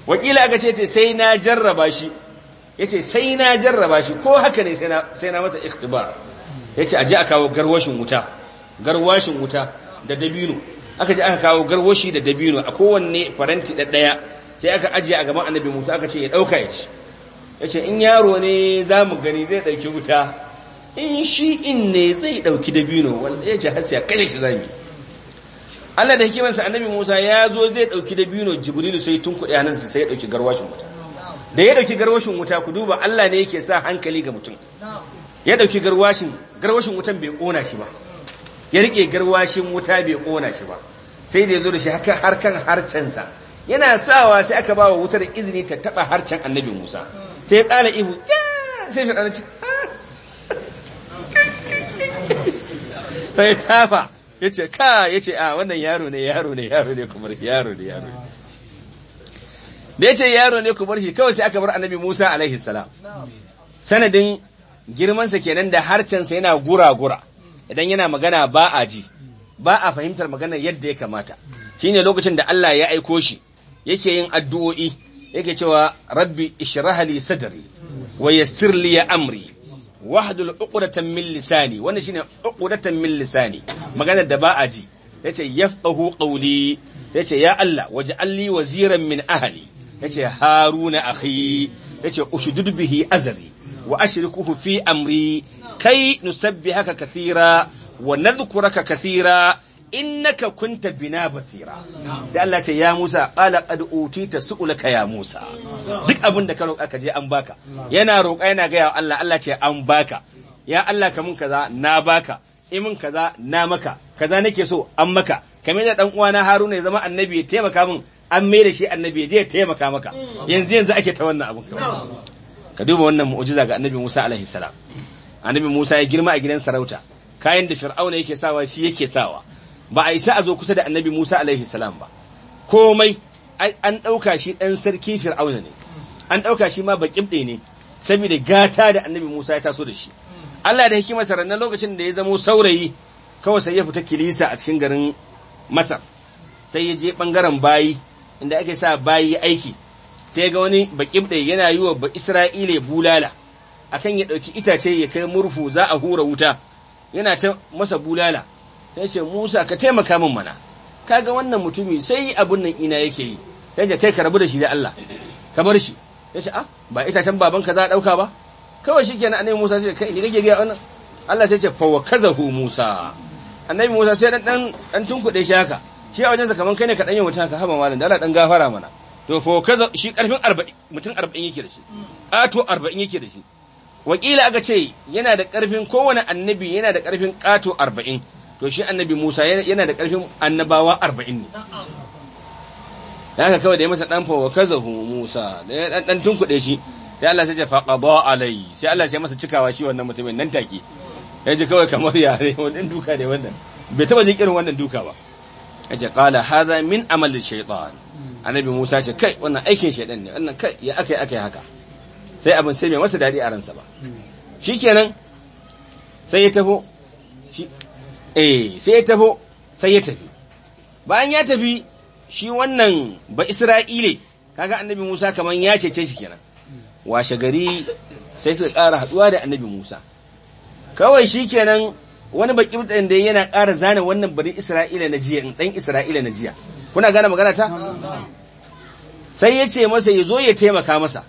wakila aka ce sai na jarraba shi yace sai na jarraba shi ko haka ne sai na sai na masa ikhtibar yace aje a kawo garwashin wuta garwashin wuta da dabino aka je aka kawo garwashi da dabino a kowanne faranti ɗaya sai aka ajiye a gaban annabi musa aka ce ya ɗauka ya ci ya ce in yaro ne za mu gani zai ɗauki wuta in shi in ne zai ɗauki dabino wanda ya ce hasiya kashe shi zami Allah da sa annabi Musa ya zo zai ɗauki dabino Jibrilu sai tun kuɗi hannunsa sai ya ɗauki garwashin wuta da ya ɗauki garwashin wuta ku duba Allah ne yake sa hankali ga mutum ya ɗauki garwashin garwashin wutan bai ƙona shi ba ya rike garwashin wuta bai kona shi ba sai da ya zo da shi har kan harcensa yana sawa sai aka ba wa wutar izini ta taba harcen annabi musa sai ya kala ihu sai fi ɗanci sai tafa ya ce ka ya ce a wannan yaro ne yaro ne yaro ne kuma yaro ne yaro da ya ce yaro ne kuma shi kawai sai aka bar annabi musa alaihi salam sanadin girmansa kenan da harcensa yana gura-gura idan yana magana ba a ji ba a fahimtar magana yadda ya kamata shine lokacin da Allah ya aiko shi yake yin addu'o'i yake cewa rabbi ishirahali sadri wa yassir li amri wahdul uqdatan min lisani wannan shine uqdatan min lisani magana da ba a ji yace yafqahu qawli yace ya Allah waje alli waziran min ahli yace haruna akhi yace ushudud bihi azri wa ashrikuhu fi amri kai haka kathira wa nadhkuraka kathira innaka kunta bina basira sai Allah ce ya Musa qala qad utita su'ulaka ya Musa duk abin da ka roƙa ka je an baka yana roƙa yana ga Allah Allah ce an baka ya Allah ka mun kaza na baka imin kaza na maka kaza nake so an maka kamar da dan uwana Haruna ya zama annabi ya taimaka min an mai da shi annabi ya je ya taimaka maka yanzu yanzu ake ta wannan abun ka duba wannan mu'jiza ga annabi Musa alaihi salam annabi Musa ya girma a gidan sarauta kayan da fir'auna yake sawa shi yake sawa ba a isa a zo kusa da annabi Musa alaihi salam ba komai an ɗauka shi ɗan sarki fir'auna ne an ɗauka shi ma bakin ɗaya ne saboda gata da annabi Musa ya taso da shi Allah da hikima sa lokacin da ya zamo saurayi kawai sai ya fita kilisa a cikin garin Masar sai ya je bangaren bayi inda ake sa bayi aiki sai ga wani baƙibɗe yana yi wa Isra'ila bulala, akan ya ɗauki itace ya kai murfu za a hura wuta, yana ta masa bulala, sai ce Musa ka taimaka min mana, kaga wannan mutumi sai abun nan ina yake yi, ta ce kai ka rabu da shi da Allah, ka bar shi, Ta ce, ah, ba itacen babanka za a ɗauka ba, kawai shi kenan annabi Musa sai kai ni kake ga wannan, Allah sai ce fawakazahu Musa, annabi Musa sai dan dan tunkuɗe shi haka, shi a wajensa kaman kai ne ka ɗan yi wuta ka haba malam, da Allah ɗan gafara mana. to fa kaza shi karfin 40 mutum 40 yake da shi kato 40 yake da shi wakila aka ce yana da karfin kowane annabi yana da karfin kato 40 to shi annabi Musa yana da karfin annabawa 40 ne da haka kawai da ya masa dan kaza wakazahu Musa da ya dan dan tunkude shi sai Allah sai ya faqada alai sai Allah sai masa cikawa shi wannan mutumin nan take ya ji kawai kamar yare wannan duka ne wannan bai taba jin irin wannan duka ba ya ce qala hadha min amal shaytan annabi musa ce kai wannan aikin shaidan ne wannan kai ya aka yi aka yi haka sai abin sai bai masa daɗi a ransa ba shikenan sai ya tafo eh sai ya tafi. sai ya tafi bayan ya tafi shi wannan ba isra'ile kaga annabi musa kaman ya cece shi kenan washe gari sai suka ƙara haɗuwa da annabi musa kawai shikenan wani baƙi da yana ƙara zane wannan bari isra'ila na jiya ɗan isra'ila na jiya kuna gane magana ta sai ya ce masa ya zo ya taimaka masa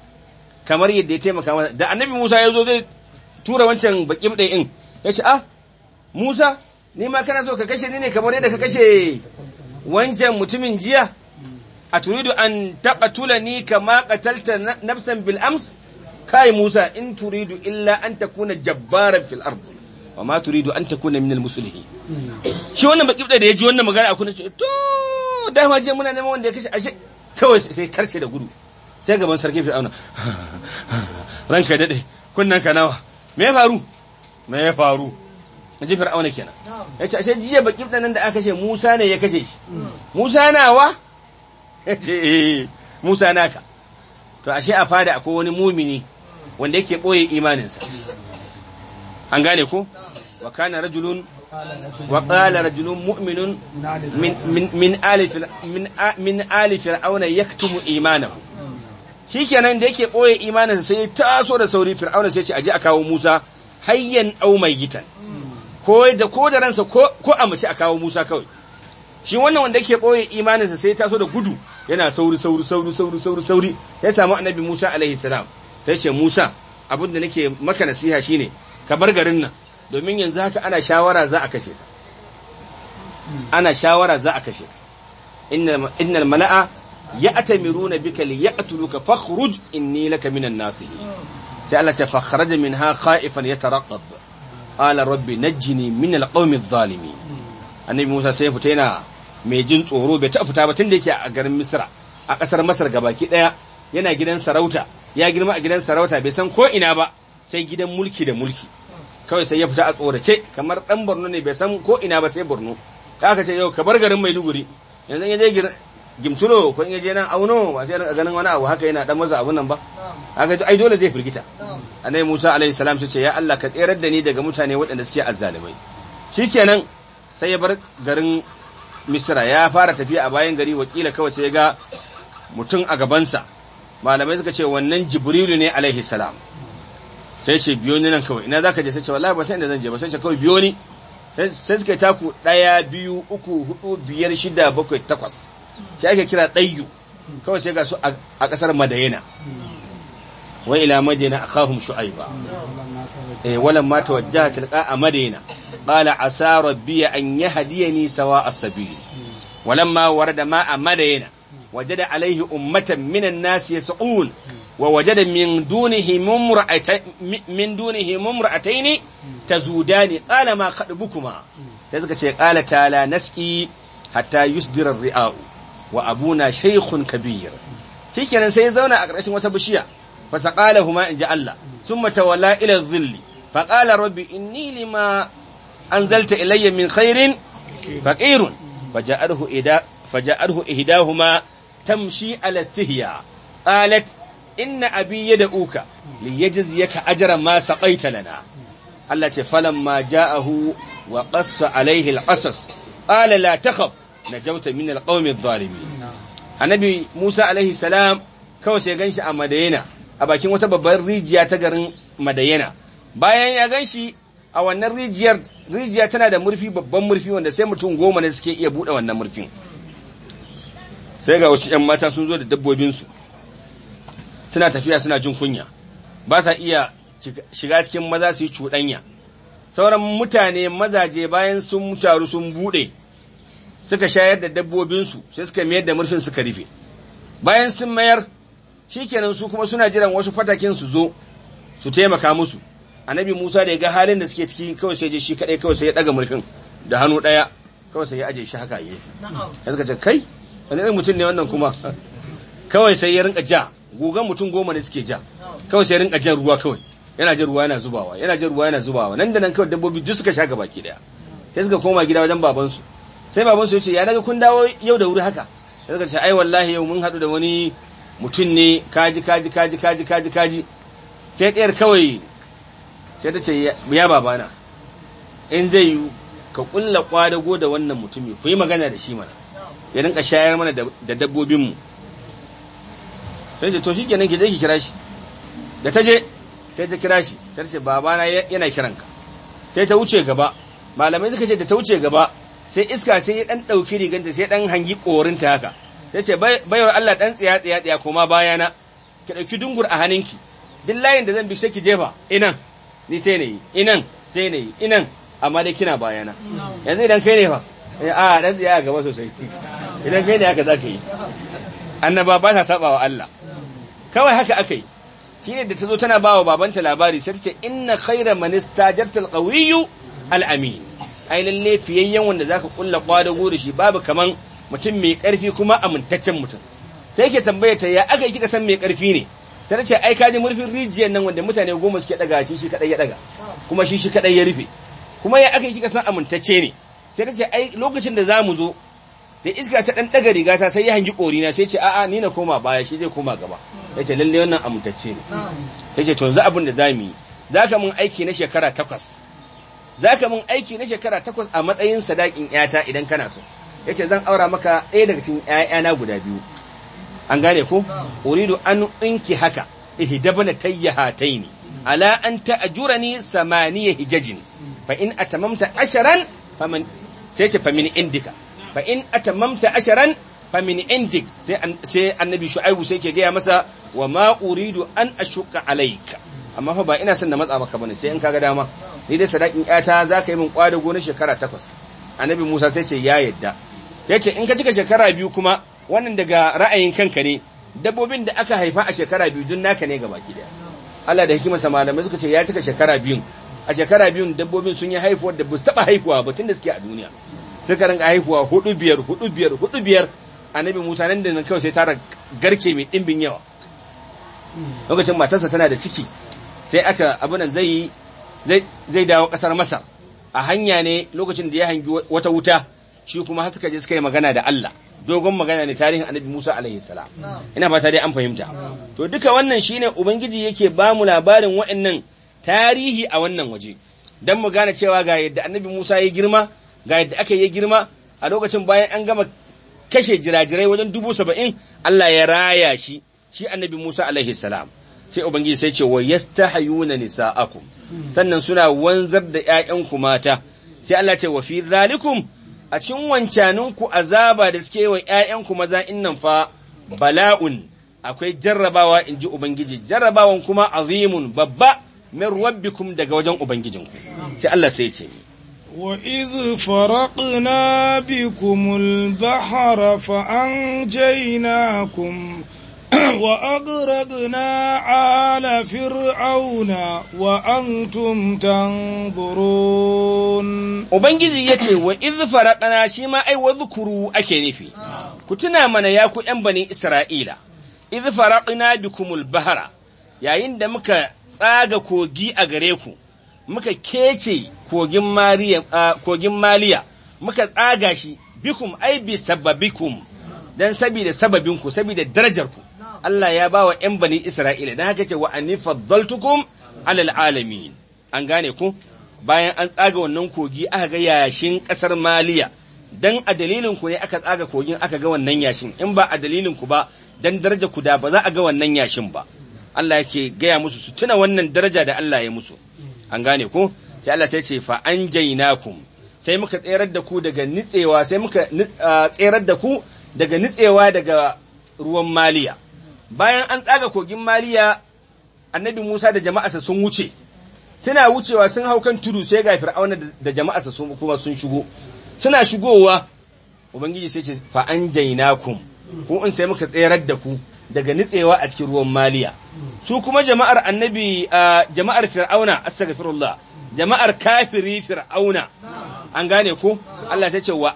kamar yadda ya taimaka masa da annabi Musa ya zo zai tura wancan bakim ɗin in ya ce ah Musa ni ma kana so ka kashe ni ne kamar yadda ka kashe wancan mutumin jiya a turidu an taɓa tula ni kama qatalta nafsan bil ams kai Musa in turidu illa an takuna jabbaran fil ard wa ma turidu an takuna min al muslimin shi wannan bakim da ya ji wannan magana a kuna to dama je muna neman wanda ya kashe ashe kawai sai karce da gudu sai gaban sarkin fir'auna ranka daɗe kunnan ka nawa me ya faru me ya faru ji fir'auna kenan ya ce ashe jiya bakin nan da aka kashe musa ne ya kashe shi musa nawa ya ce eh, musa naka to ashe a fada akwai wani mumini wanda yake ɓoye imaninsa an gane ko wa kana rajulun وقال رجل مؤمن من من من آل من من آل فرعون يكتم إيمانه shikenan da yake koye imaninsa sai taso da sauri fir'auna sai ce aje a kawo Musa hayyan au gitan ko da ko da ransa ko ko a mace a kawo Musa kawai shi wannan wanda yake koye imaninsa sai taso da gudu yana sauri sauri sauri sauri sauri sauri ya samu annabi Musa alaihi salam sai ce Musa abin da nake maka nasiha shine ka bar garin nan domin yanzu haka ana shawara za a kashe ka ana shawara za a kashe innal mala'a ya'tamiruna bika liyaqtuluka fakhruj inni laka minan nasihin sai Allah ta fakhraja minha khaifan yatarqab qala rabbi najjini min alqawmi adh-dhalimin annabi Musa sai fita yana mai jin tsoro bai ta fita ba tunda yake a garin Misra a ƙasar Masar gabaki daya yana gidan sarauta ya girma a gidan sarauta bai san ko ina ba sai gidan mulki da mulki kawai sai ya fita a tsorace kamar ɗan Borno ne bai san ko ina ba sai Borno aka ce yau ka bar garin Maiduguri yanzu ya je gimtulo ko in ya je nan auno ba sai a ganin wani abu haka yana dan maza abun nan ba haka ai dole zai firgita annabi Musa alaihi salam sai ce ya Allah ka tserar da ni daga mutane waɗanda suke azzalimai shikenan sai ya bar garin Misra ya fara tafiya a bayan gari wakila kawai sai ya ga mutum a gabansa malamai suka ce wannan Jibrilu ne alaihi salam sai ce biyo ni nan kawai ina za ka je sai ce wallahi ba sai inda zan je ba sai ce kawai biyo ni sai suka yi taku ɗaya biyu uku hudu biyar shida bakwai takwas sai ake kira ɗayyu kawai sai ga su a ƙasar madayana wa ila a akhahum shu'aiba eh walan ma tawajjaha tilqa a madina qala asa rabbi an yahdiyani sawa as-sabil walamma warada ma a madayana wajada alaihi ummatan minan nas yas'un wa wajada min dunihi mumra'atayn min ni mumra'atayn tazudani qala ma khadbukuma sai suka ce qala ta'ala nasqi hatta yusdira ri'au wa abuna shaykhun Kabiru. Cikinan sai zauna a ƙarshen wata bishiya fa saqala huma in ja Allah summa tawalla ila dhilli fa qala rabbi inni lima anzalta ilayya min khairin faqirun فجاءته إحداهما تمشي على استهياء قالت inna abi ya liyajziyaka ajra ma saqaita lana Allah ce ma ja'ahu wa qassa alayhi al-qasas qala la takhaf najawta min al-qawmi adh-dhalimin annabi Musa alaihi salam kawai sai ganshi a Madayana a bakin wata babbar rijiya ta garin Madayana bayan ya ganshi a wannan rijiyar rijiya tana da murfi babban murfi wanda sai mutum goma ne suke iya buɗe wannan murfin sai ga wasu 'yan mata sun zo da dabbobin su. suna tafiya suna jin kunya ba sa iya shiga cikin maza su yi cuɗanya sauran mutane mazaje bayan sun taru sun buɗe suka shayar da dabbobinsu sai suka mayar da murfin suka rufe bayan sun mayar shikenan su kuma suna jiran wasu fatakin su zo su taimaka musu annabi Musa da ya ga halin da suke ciki kawai sai je shi kadai kawai sai ya daga murfin da hannu daya kawai sai ya aje shi haka yayi sai suka ce kai wani mutum ne wannan kuma kawai sai ya rinka ja gugan mutum goma ne suke ja kawai sai rinka jan ruwa kawai yana jan ruwa yana zubawa yana jan ruwa yana zubawa nan da nan kawai dabbobi duk suka sha gaba ki daya sai suka koma gida wajen baban su sai babansu ya ce ya daga kun dawo yau da wuri haka sai suka ce ai wallahi yau mun hadu da wani mutum ne kaji kaji kaji kaji kaji kaji sai ɗayar kawai sai ta ce ya babana in zai yi ka kulla kwadago da wannan mutumi ku yi magana da shi mana ya rinka shayar mana da dabbobinmu sai ce to shi kenan ki je ki kira shi da ta je sai ta kira shi sai ce babana yana kiranka sai ta wuce gaba malamai suka ce da ta wuce gaba sai iska sai ya dan dauki riganta sai dan hangi korinta haka sai ce bayar Allah dan tsiya tsiya tsiya koma bayana ki dauki dungur a hannunki duk layin da zan bi sai ki jefa inan ni sai ne inan sai ne inan amma dai kina bayana yanzu idan kai ne fa eh, a dan tsiya gaba sosai idan kai ne haka zaka yi annaba ba sa saba wa Allah kawai haka aka yi shi ne da ta zo tana ba wa babanta labari sai ta ce inna khaira manista jartal al amin ai ne fiyayyen wanda zaka kulla kwado ƙwada shi babu kaman mutum mai ƙarfi kuma amintaccen mutum sai yake tambaye ta ya aka yi kika san mai ƙarfi ne sai ta ce ai kaji murfin rijiyar nan wanda mutane goma suke daga shi shi kadai ya daga. kuma shi shi kadai ya rufe kuma ya aka yi kika san amintacce ne sai ta ce ai lokacin da zamu zo da iska ta dan daga riga sai ya hangi na sai ce a'a ni na koma baya shi zai koma gaba yace lalle wannan amutacce ne yace to yanzu abin da zamu yi zaka mun aiki na shekara takwas zaka mun aiki na shekara takwas a matsayin sadakin yata idan kana so yace zan aura maka ɗaya daga cikin ƴaƴana guda biyu an gane ko uridu an unki haka ihdabna tayyahataini ala an ta'jurani samaniya hijajin fa in atamamta asharan faman sai ce min indika fa in atamamta asharan fa min indik sai annabi shu'aibu sai ke gaya masa wa ma uridu an ashuka alaika amma fa ba ina son na matsa maka bane sai in kaga dama ni dai sadakin yata za ka yi min kwado gona shekara takwas annabi musa sai ce ya yadda ya ce in ka cika shekara biyu kuma wannan daga ra'ayin kanka ne dabbobin da aka haifa a shekara biyu dun naka ne gabaki daya Allah da hikimarsa malamai suka ce ya cika shekara biyun a shekara biyun dabbobin sun yi haifuwar da ba su taɓa haifuwa ba tun da suke a duniya suka rinka haihuwa hudu biyar hudu biyar hudu biyar annabi musa nan da nan kawai sai tara garke mai ɗimbin yawa lokacin matarsa tana da ciki sai aka abunan zai zai dawo kasar masar a hanya ne lokacin da ya hangi wata wuta shi kuma har suka je suka yi magana da Allah dogon magana ne tarihin annabi Musa alaihi salam ina fata dai an fahimta to duka wannan shine ubangiji yake ba mu labarin waɗannan tarihi a wannan waje dan mu gane cewa ga yadda annabi Musa ya girma ga yadda aka yi girma a lokacin bayan an gama kashe jirajirai wajen dubu saba'in Allah ya raya shi shi annabi Musa alaihi salam sai ubangiji sai ce wa yastahayuna nisa'akum sannan suna wanzar da 'ya'yanku mata sai Allah ce wa fi zalikum a cikin wancaninku azaba da suke wa 'ya'yanku maza innan fa bala'un akwai jarrabawa in ji Ubangiji, jarrabawan kuma azimun babba min rabbikum daga wajen Ubangijinku, sai Allah sai ce. وإذ فرقنا بكم البحر فأنجيناكم وأغرقنا آل فرعون وأنتم تنظرون Ubangiji ya ce wa iz faraqana shi ma ai wa zukuru ake nufi ku tuna mana ya ku ƴan banin Isra'ila iz faraqna bikumul bahara yayin da muka tsaga kogi a gare ku muka kece kogin maliya muka tsaga shi bikum ai bi sababikum dan sabida sababinku sabida darajarku Allah ya ba wa ƴan bani Isra'ila dan haka ce wa anni faddaltukum alal an gane ku bayan an tsaga wannan kogi aka ga yashin ƙasar Maliya dan a dalilin ku ne aka tsaga kogin aka ga wannan yashin in ba a dalilin ku ba dan daraja ku da ba za a ga wannan yashin ba Allah yake gaya musu su tuna wannan daraja da Allah ya musu an gane ko sai Allah sai ce fa an jainakum sai muka tserar da ku daga nitsewa sai muka ah, tserar da ku daga nitsewa daga ruwan maliya bayan an tsaga kogin maliya annabi Musa da jama'arsa sun wuce suna wucewa sun hau kan tudu sai ga fir'auna da jama'arsa sun kuma sun shigo suna shigowa ubangiji sai ce fa an jainakum ko in sai muka tserar da ku daga nitsewa a cikin ruwan maliya su kuma jama'ar annabi a jama'ar fir'auna astaghfirullah jama'ar kafiri fir'auna an gane ko Allah ya ce wa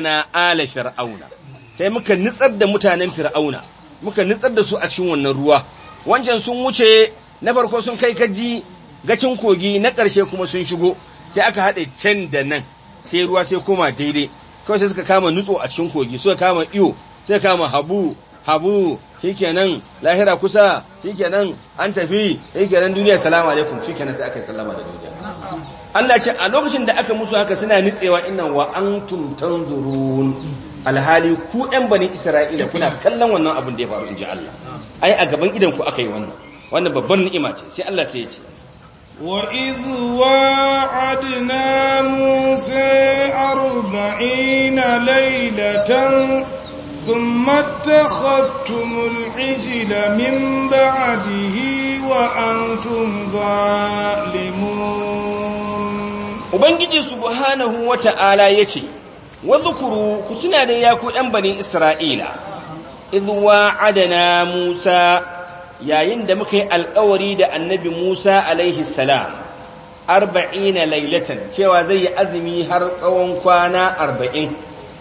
na ala fir'auna sai muka nitsar da mutanen fir'auna muka nitsar da su a cikin wannan ruwa wancan sun wuce na farko sun kai kaji gacin kogi na ƙarshe kuma sun shigo sai aka haɗe can da nan sai ruwa sai koma daidai kawai sai suka kama nutso a cikin kogi suka kama iyo sai kama habu habu shikenan lahira kusa shikenan an tafi shikenan duniya salamu alaikum shikenan sai aka sallama da duniya Allah ce a lokacin da aka musu haka suna nitsewa innan wa antum tanzurun alhali ku ɗan bani Isra'ila kuna kallon wannan abin da ya faru inji Allah ai a gaban idan ku aka yi wannan wannan babban ni'ima ce sai Allah sai ya ce wa وإذ وعدنا musa 40 laylatan ثم اتخذتم العجل من بعده وأنتم ظالمون وبنجي سبحانه وتعالى يتي وذكروا كتنا دياكو أن بني إسرائيل إذ وعدنا موسى يا يندمك الأوريد النبي موسى عليه السلام أربعين ليلة شوى زي أزمي هر قوان كوانا أربعين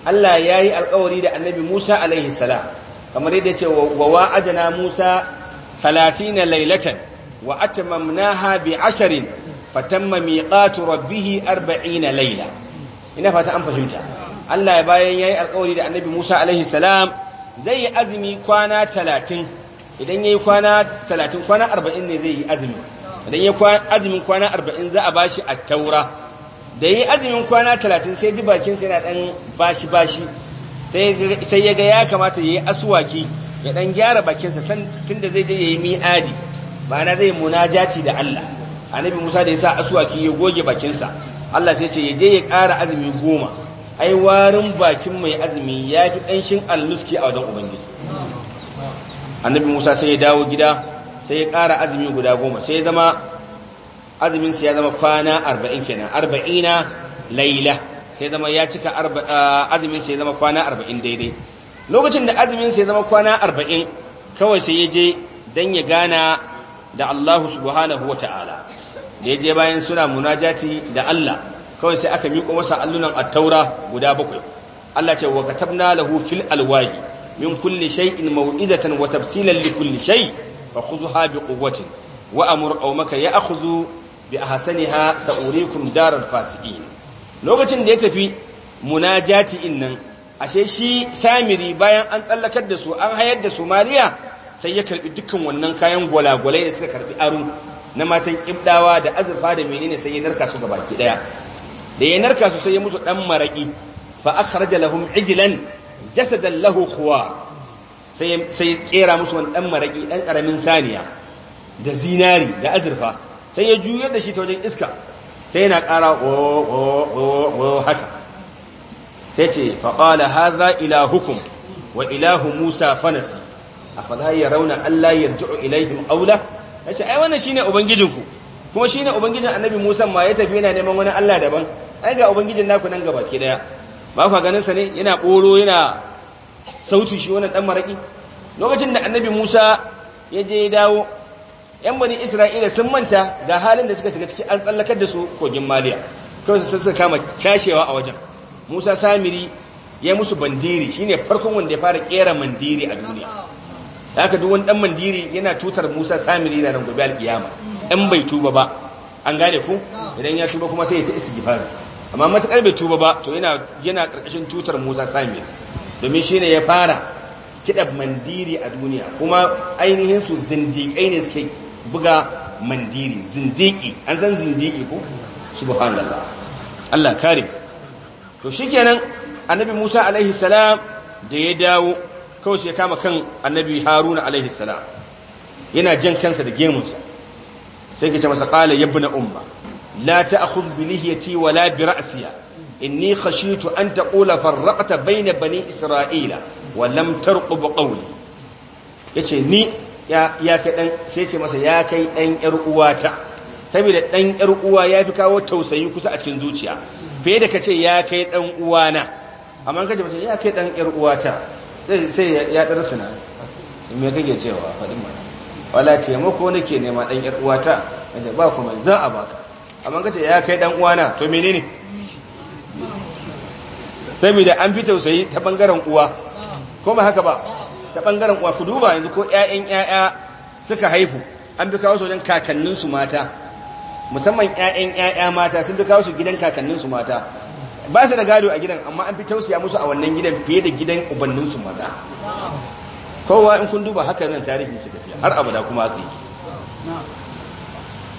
Allah ya yi alkawari da annabi Musa alaihi salam kamar yadda ce wa wa'adana Musa 30 lailatan wa atamamnaha bi asharin fatamma miqatu rabbih 40 laila ina fata an fahimta Allah ya bayan yayi alkawari da annabi Musa alaihi salam zai yi azumi kwana 30 idan yayi kwana 30 kwana 40 ne zai yi azumi idan yayi azumin kwana 40 za a bashi at-taura da yi azumin kwana talatin sai ji bakinsa yana ɗan bashi-bashi sai ya ga ya kamata ya yi asuwaki ya ɗan gyara bakinsa tun da zai je ya yi mi'adi ma'ana zai munajati da Allah annabi Musa da ya sa asuwaki ya goge bakinsa Allah sai ce ya je ya kara azumi goma ai warin bakin mai azumi ya fi ƙanshin alluski a wajen ubangiji annabi Musa sai ya dawo gida sai ya kara azumi guda goma sai ya zama azumin sa ya zama kwana 40 kenan 40 laila sai zama ya cika ah, azumin sa ya zama kwana 40 daidai lokacin da azumin sa ya zama kwana 40 kawai sai ya je dan ya gana da Allah subhanahu wataala da ya je bayan suna munajati da Allah kawai sai aka miƙo masa allunan attaura taura guda bakwai Allah ce wa katabna lahu fil alwahi من كل شيء موئدة وتبسيلا لكل bi فخذها بقوة وأمر ya يأخذوا bi ahsaniha sa'urikum daral fasiqin lokacin da ya tafi munajati innan ashe shi samiri bayan an tsallakar da su an hayar da somaliya sai ya karbi dukkan wannan kayan gwalagwalai da suka karbi aro na matan kibdawa da azurfa da menene sai ya narka su baki daya da ya narka su sai ya musu dan maraki fa akhraja lahum ijlan jasadan lahu khuwa sai sai kera musu wani dan maraki dan karamin saniya da zinari da azurfa sai ya juyar da shi ta wajen iska sai yana ƙara o haka sai ce faƙala haza hukum. wa ilahu musa fanasi a fala rauna allah ya ji'o ilaihim aula ya ce ai wannan shine ubangijinku kuma shine ubangijin annabi musa ma ya tafi yana neman wani allah daban ai ga ubangijin naku nan gaba ki daya ba ku ganin sa ne yana ɓoro yana sautin shi wannan dan maraki lokacin da annabi musa ya je ya dawo yan bani isra'ila sun manta ga halin da suka shiga ciki an tsallakar da su kogin maliya kawai sun suka kama cashewa a wajen musa samiri ya musu bandiri shine farkon wanda ya fara kera mandiri a duniya haka aka duwan dan mandiri yana tutar musa samiri na nan gobe alkiyama yan bai tuba ba an gane ku idan ya tuba kuma sai ya ta istighfar amma matakar bai tuba ba to yana yana karkashin tutar musa samiri domin shine ya fara kiɗa mandiri a duniya kuma ainihin su zindiƙai ne suke buga mandiri zindiki an san zindiki ko subhanallah Allah kare to shikenan annabi Musa alaihi salam da ya dawo kawai sai kama kan annabi Haruna alaihi salam yana jan kansa da gemunsa sai kace masa qala yabna umma la ta'khudh bi lihiyati wa la bi ra'siya inni khashitu an taqula farraqta bayna bani isra'ila wa lam tarqub qawli yace ni ya kai dan sai ce masa ya kai dan yar uwata saboda dan yar uwa ya fi kawo tausayi kusa a cikin zuciya fiye da kace ya kai dan uwana amma kace mace ya kai dan yar uwata sai ya dar suna me kake cewa fadin mana wala taimako nake nema dan yar uwata kace ba ku za a baka amma kace ya kai dan uwana to menene saboda an fi tausayi ta bangaren uwa ko ba haka ba ta bangaren uwa ku duba yanzu ko ƴaƴan ƴaƴa suka haifu an bi kawo su wajen kakannin su mata musamman ƴaƴan ƴaƴa mata sun bi kawo su gidan kakannin su mata ba su da gado a gidan amma an fi tausaya musu a wannan gidan fiye da gidan ubannin su maza kowa in kun duba haka nan tarihi ke tafiya har abada kuma haka yake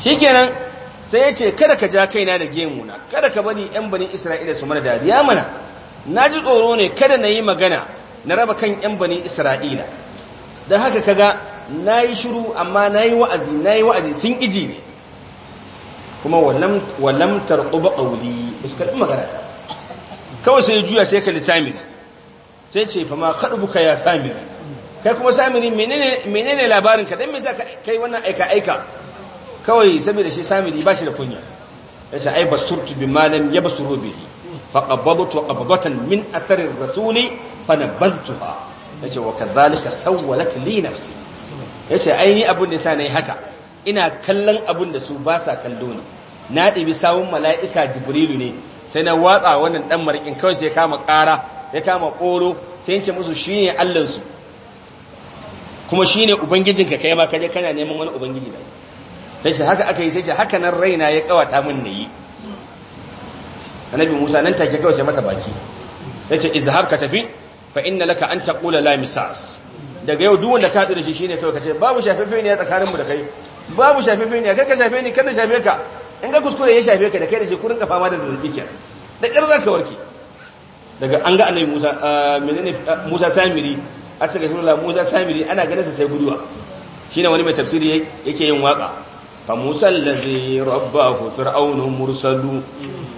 shikenan sai ya ce kada ka ja kaina da gemu na kada ka bari yan banin isra'ila su mana dariya mana na ji tsoro ne kada na yi magana na raba kan 'yan bani isra'ila don haka kaga na yi shuru amma na yi wa'azi na yi wa'azi sun iji ne kuma walamtar ƙuba ƙauli ba su karɓi magana kawai sai juya sai kalli samir sai ce fama kaɗubuka ya samir kai kuma samiri menene labarin ka don me za ka kai wannan aika-aika kawai saboda shi samiri ba shi da kunya ya ce ai basurtu bi malam ya basuro bihi faqabbadtu qabdatan min athari ar-rasuli fanabbadtuha yace wa kadhalika sawwalat li nafsi yace aini abun da yasa nayi haka ina kallon abun da su ba sa kallo ne na ɗibi sawun mala'ika jibrilu ne sai na watsa wannan dan markin kawai sai kama ƙara ya kama ƙoro sai yace musu shine Allah su kuma shine ka kai ma kaje kana neman wani ubangiji ne sai haka aka yi sai haka nan raina ya kawata min nayi annabi Musa nan take kawai sai masa baki yace izhab ka tafi fa inna laka an taqula la misas daga yau duk wanda ka tsira shi shine kawai kace babu shafefe ne tsakanin mu da kai babu shafefe ne kai ka shafe ni kada shafe ka in ka kuskure ya shafe ka da kai da shi kurin ka fama da zazzabi ke da kar za ka warke daga an ga annabi Musa ah, menene ah, Musa Samiri astaghfirullah Musa Samiri ana ganin sa sai guduwa shine wani mai tafsiri yake yin waka فموسى الذي رباه فرعون مرسل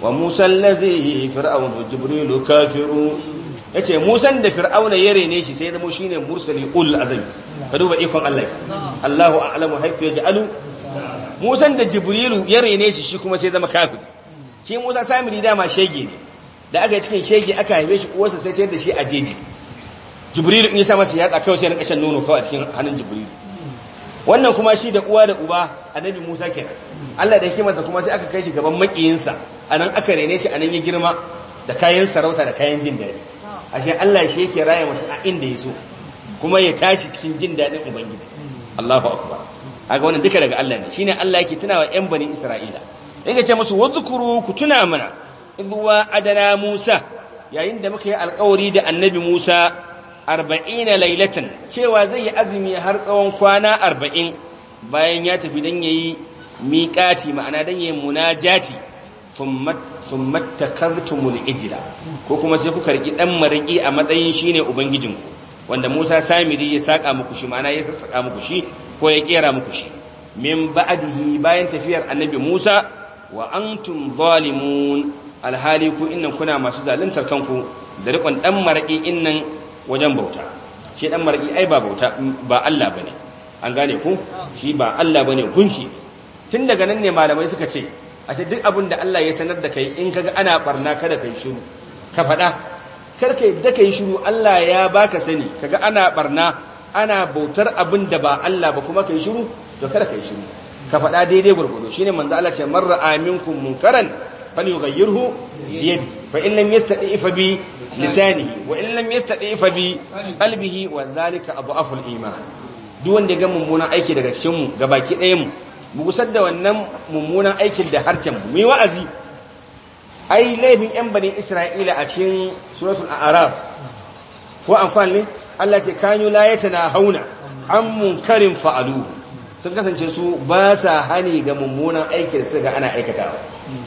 وموسى الذي فرعون جبريل كافر yace Musan da Fir'auna ya rene shi sai zama shine mursali ul azami ka duba ikon Allah Allahu a'lamu haythu yaj'alu Musan da Jibrilu ya rene shi shi kuma sai zama kafir shi Musa samiri dama shege ne da aka cikin shege aka haife shi uwarsa sai ta yadda shi a jeji Jibrilu in ya sa masa yatsa kawai sai na kashin nono kawai a cikin hannun Jibrilu wannan kuma shi da uwa da uba annabi Musa kenan Allah da hikimarsa kuma sai aka kai shi gaban makiyinsa anan aka rene shi anan ya girma da kayan sarauta da kayan jin dadi ashe Allah shi yake raya mutum a inda ya so kuma ya tashi cikin jin dadin ubangiji Allahu akbar kaga wannan duka daga Allah ne shine Allah yake tunawa ƴan bani Isra'ila yake ce musu wadhkuru ku tuna mana idh adana Musa yayin da muka yi alƙawari da annabi Musa arba'ina lailatan cewa zai yi azumi har tsawon kwana arba'in bayan ya tafi don ya yi miƙati ma'ana don ya yi munajati thumma takartumul ijira. ko kuma sai kuka riki ɗan mariki a matsayin shine ubangijinku wanda Musa Samiri ya saƙa muku shi ma'ana ya sassaƙa muku shi ko ya ƙera muku shi min ba'adihi bayan tafiyar annabi Musa wa antum zalimun alhali ku innan kuna masu zaluntar kanku da rikon ɗan mariki innan wajen bauta shi dan mar'i ai ba bauta ba Allah bane an gane ku shi ba Allah bane gunki tun daga nan ne malamai suka ce ashe duk abin da Allah ya sanar da kai in kaga ana barna kada kai shiru ka faɗa karka yadda kai shiru Allah ya baka sani kaga ana barna ana bautar abin da ba Allah ba kuma kai shiru to kada kai shiru ka faɗa daidai gurgudu shine manzo Allah ce marra aminkum minkum munkaran falyughayyirhu bi yadi fa in lam yastati fa bi lisanihi wa in lam yastati fa bi qalbihi wa dhalika adhafu al-iman duk wanda ga mummunan aiki daga cikin mu baki ɗayan mu mu gusar da wannan mummunan aikin da harcen mu yi wa'azi ai laifin yan bani isra'ila a cikin suratul a'raf ko anfal ne Allah ce kanu la yatana hauna an munkarin fa'alu sun kasance su ba sa hani ga mummunan aiki su ga ana aikatawa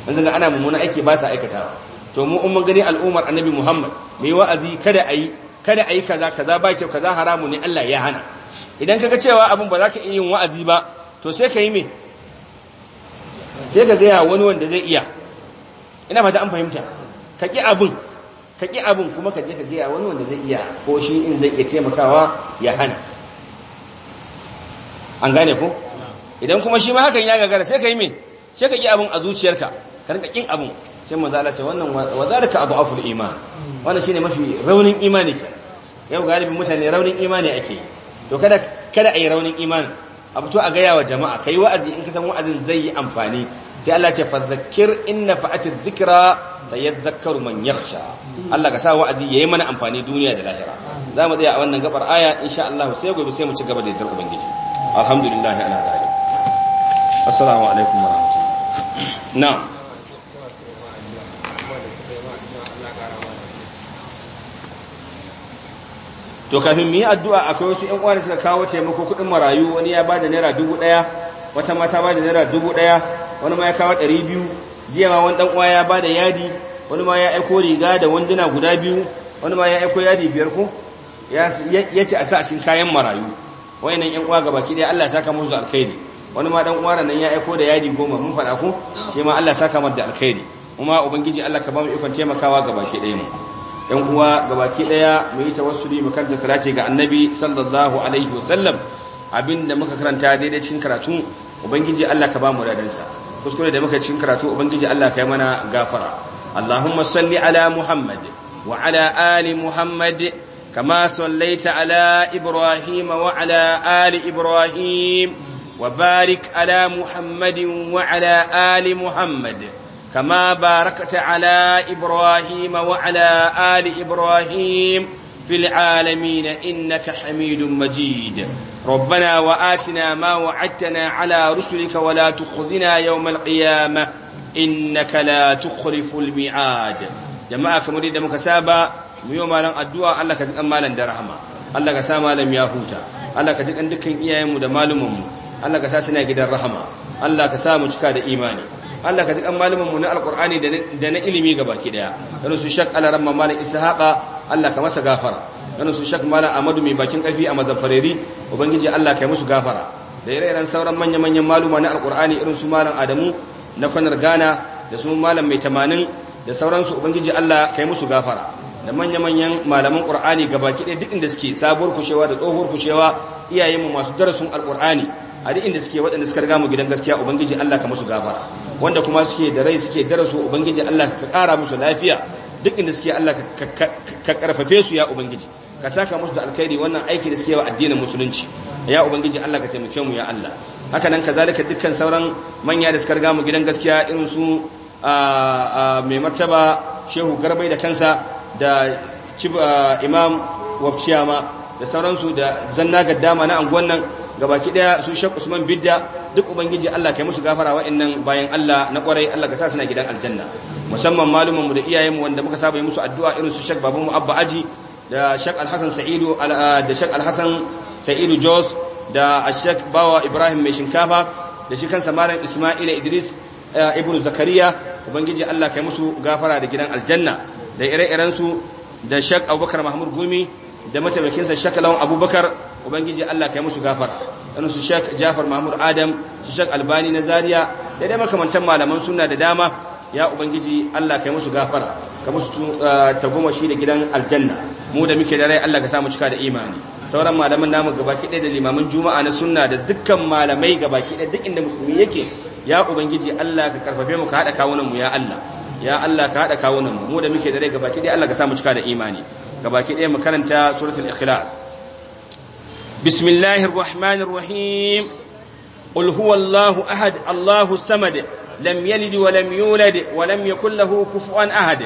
an zanga ana mummunan aiki ba sa aikatawa to mu umman gani al'ummar annabi Muhammad mai wa'azi kada ayi kada ayi kaza kaza ba kyau kaza haramu ne Allah ya hana idan kaga cewa abin ba za ka iya yin wa'azi ba to sai ka yi me sai ka gaya wani wanda zai iya ina fata an fahimta ka ƙi abin ka ƙi abin kuma ka je ka gaya wani wanda zai iya ko shi in zai iya taimakawa ya hana an gane ko idan kuma shi ma hakan ya gagara sai ka yi me sai ka ƙi abin a zuciyarka ka rinka ƙin abin sai mu zala ce wannan wa zalika adhaful iman wannan shine mafi raunin imani ke yau galibin mutane raunin imani ake yi to kada kada yi raunin imani a fito a gaya wa jama'a kai wa'azi in ka san wa'azin zai yi amfani sai Allah ce fadhakkir inna fa'ati dhikra sayadhakkaru man yakhsha Allah ka sa wa'azi yayi mana amfani duniya da lahira za mu tsaya a wannan gabar aya insha Allah sai gobe sai mu ci gaba da yardar ubangiji alhamdulillah ala dhalik assalamu alaikum wa rahmatullah na'am to kafin mu yi addu'a akwai wasu ƴan uwa suka kawo taimako kuɗin marayu wani ya bada naira dubu ɗaya wata mata bada naira dubu ɗaya wani ma ya kawo ɗari biyu jiya ma wani ɗan uwa ya bada yadi wani ma ya aiko riga da wanduna guda biyu wani ma ya aiko yadi biyar ko ya ce a sa a cikin kayan marayu wayannan ƴan uwa gaba ɗaya Allah ya saka musu alkhairi wani ma ɗan uwa nan ya aiko da yadi goma mun faɗa ko shi ma Allah ya saka mu da alkhairi kuma ubangiji Allah ka ba mu ikon taimakawa gabashe ɗaya mu yan uwa gabaki daya mu yi tawassuli mu karanta salati ga annabi sallallahu alaihi wasallam abinda muka karanta daidai cikin karatu ubangiji Allah ka ba mu radansa kuskure da muka cikin karatu ubangiji Allah ka yi mana gafara Allahumma salli ala Muhammad wa ala ali Muhammad kama sallaita ala Ibrahim wa ala ali Ibrahim wa barik ala Muhammadin wa ala ali Muhammad كما باركت على ابراهيم وعلى ال ابراهيم في العالمين rabbana حميد مجيد ربنا واتنا ما وعدتنا على رسلك ولا تخزنا يوم القيامه انك لا تخلف الميعاد jama'a kamar yadda muka saba mu yi malam addu'a Allah ka ji malam da rahama Allah ka sa malam ya huta Allah ka ji kan dukkan iyayenmu da malumanmu Allah ka sa suna gidan rahama Allah ka sa mu cika da imani Allah ka ji kan malamin mu na alqur'ani da na ilimi gabaki daya dan su shak ala ramma malam ishaqa Allah ka masa gafara dan su shak malam amadu mai bakin kafi a mazafareri ubangiji Allah ka yi musu gafara da ire-iren sauran manya-manyan maluma na alqur'ani irin su malam Adamu na kwanar gana da su malam mai tamanin da sauransu ubangiji Allah ka yi musu gafara da manya-manyan malaman ƙur'ani baki daya duk inda suke sabuwar kushewa da tsohuwar kushewa iyayenmu masu darasin alkur'ani a duk inda suke waɗanda suka riga mu gidan gaskiya ubangiji Allah ka musu gafara wanda kuma suke da rai suke darasu ubangiji Allah ka kara musu lafiya duk inda suke Allah ka karfafe su ya ubangiji ka saka musu da alkhairi wannan aiki da suke wa addinin musulunci ya ubangiji Allah ka taimake mu ya Allah haka nan kazalika dukkan sauran manya da suka riga mu gidan gaskiya irin su mai martaba shehu garbai da kansa da imam wabciyama da sauransu da zanna gaddama na anguwan nan gabaki daya su shek usman bidda duk ubangiji Allah kai musu gafara wa'annan bayan Allah na kwarai Allah ka sa suna gidan aljanna musamman mu da iyayenmu wanda muka saba musu addu'a irin su Sheikh mu Abba Aji da Sheikh Al-Hasan Sa'idu ah, da Sheikh Al-Hasan Sa'idu Jos da Sheikh Bawa Ibrahim mai shinkafa da shi kansa Malam Isma'ila Idris ah, Ibn Zakariya ubangiji Allah kai musu gafara da gidan aljanna da ire-iren su da Sheikh Abubakar Mahmud Gumi da mataimakinsa Sheikh Lawan Abubakar ubangiji Allah kai musu gafara irin su Sheikh Jafar Mahmud Adam su Sheikh Albani na Zaria da dai makamantan malaman sunna da dama ya ubangiji Allah kai musu gafara ka musu uh, tagomashi da gidan aljanna mu da muke da rai Allah ka samu cika da imani sauran malaman namu gabaki ɗaya da limamin juma'a na sunna da dukkan malamai gabaki ɗaya duk inda musulmi yake ya ubangiji Allah ka karfafe mu ka hada kawunan mu ya Allah ya Allah ka hada kawunan mu mu da muke da rai gabaki ɗaya Allah ka samu cika da imani gabaki ɗaya mu karanta suratul ikhlas بسم الله الرحمن الرحيم قل هو الله أحد الله الصمد لم يلد ولم يولد ولم يكن له كفوا أحد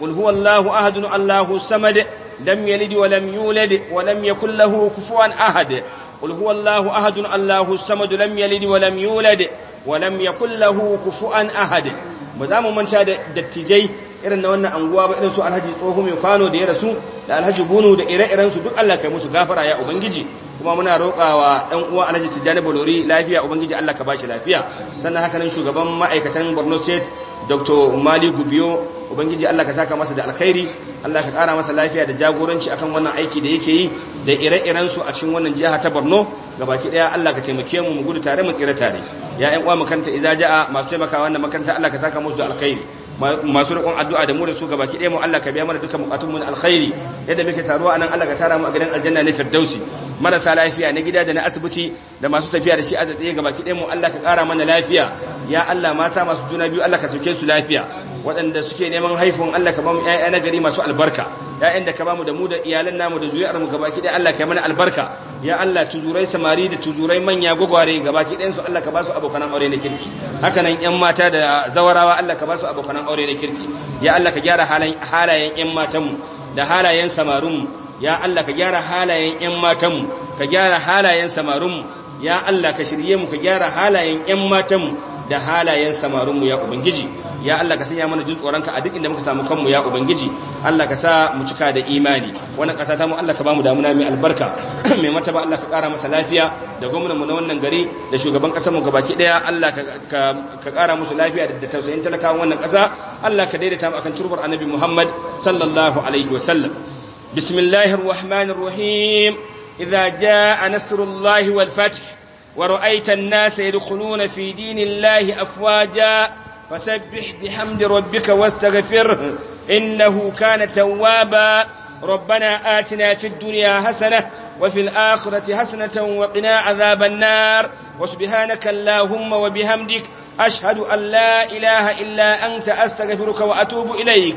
قل هو الله أحد الله الصمد لم يلد ولم يولد ولم يكن له كفوا أحد قل هو الله أحد الله الصمد لم يلد ولم يولد ولم يكن له كفوا أحد bazamu manta da dattijai irin na wannan anguwa ba irin su alhaji tsoho mai kwano da ya rasu da alhaji bunu da ire-iren su duk Allah kai musu gafara ya ubangiji kuma muna roƙawa ɗan uwa Alhaji Tijjani Bolori lafiya ubangiji Allah ka ba shi lafiya sannan haka nan shugaban ma'aikatan Borno State Dr. Mali Gubiyo ubangiji Allah ka saka masa da alkhairi Allah ka ƙara masa lafiya da jagoranci akan wannan aiki da yake yi da ire-iren su a cikin wannan jiha ta Borno gabaki daya Allah ka taimake mu mu gudu tare mu tsira tare ya ƴan uwa makaranta iza ja'a masu taimakawa wannan makaranta Allah ka saka musu da alkhairi masu roƙon addu'a da mu da su gabaki ɗaya mu Allah ka biya mana dukkan buƙatunmu mun alkhairi yadda muke taruwa anan Allah ka tara mu a gidan aljanna ne firdausi marasa lafiya na gida da na asibiti da masu tafiya da shi a tsaye gaba kiɗe mu Allah ka ƙara mana lafiya ya Allah mata masu juna biyu Allah ka sauke su lafiya waɗanda suke neman haifun Allah ka bamu ƴaƴa na gari masu albarka ƴaƴan da ka bamu da mu da iyalan namu da zuriyar mu gaba kiɗe Allah ka mana albarka ya Allah tuzurai samari da tuzurai manya gwagware gaba kiɗen su Allah ka ba su aure na kirki haka nan ƴan mata da zawarawa Allah ka ba su aure na kirki ya Allah ka gyara halayen ƴan matanmu da halayen samarunmu. ya Allah ka gyara halayen yan matanmu ka gyara halayen samarinmu ya Allah ka shirye mu ka gyara halayen yan matanmu da halayen samarinmu ya ubangiji ya Allah ka sanya mana jin tsoronka a duk inda muka samu kanmu ya ubangiji Allah ka sa mu cika da imani wannan ƙasa ta mu Allah ka ba mu damuna mai albarka mai mataba Allah ka ƙara masa lafiya da gwamnan mu na wannan gari da shugaban ƙasar mu gabaki ɗaya Allah ka ƙara musu lafiya da tausayin talakawan wannan ƙasa Allah ka daidaita mu akan turbar annabi Muhammad sallallahu alaihi wa sallam. بسم الله الرحمن الرحيم إذا جاء نصر الله والفتح ورأيت الناس يدخلون في دين الله أفواجا فسبح بحمد ربك واستغفره إنه كان توابا ربنا آتنا في الدنيا حسنة وفي الآخرة حسنة وقنا عذاب النار وسبحانك اللهم وبحمدك أشهد أن لا إله إلا أنت أستغفرك وأتوب إليك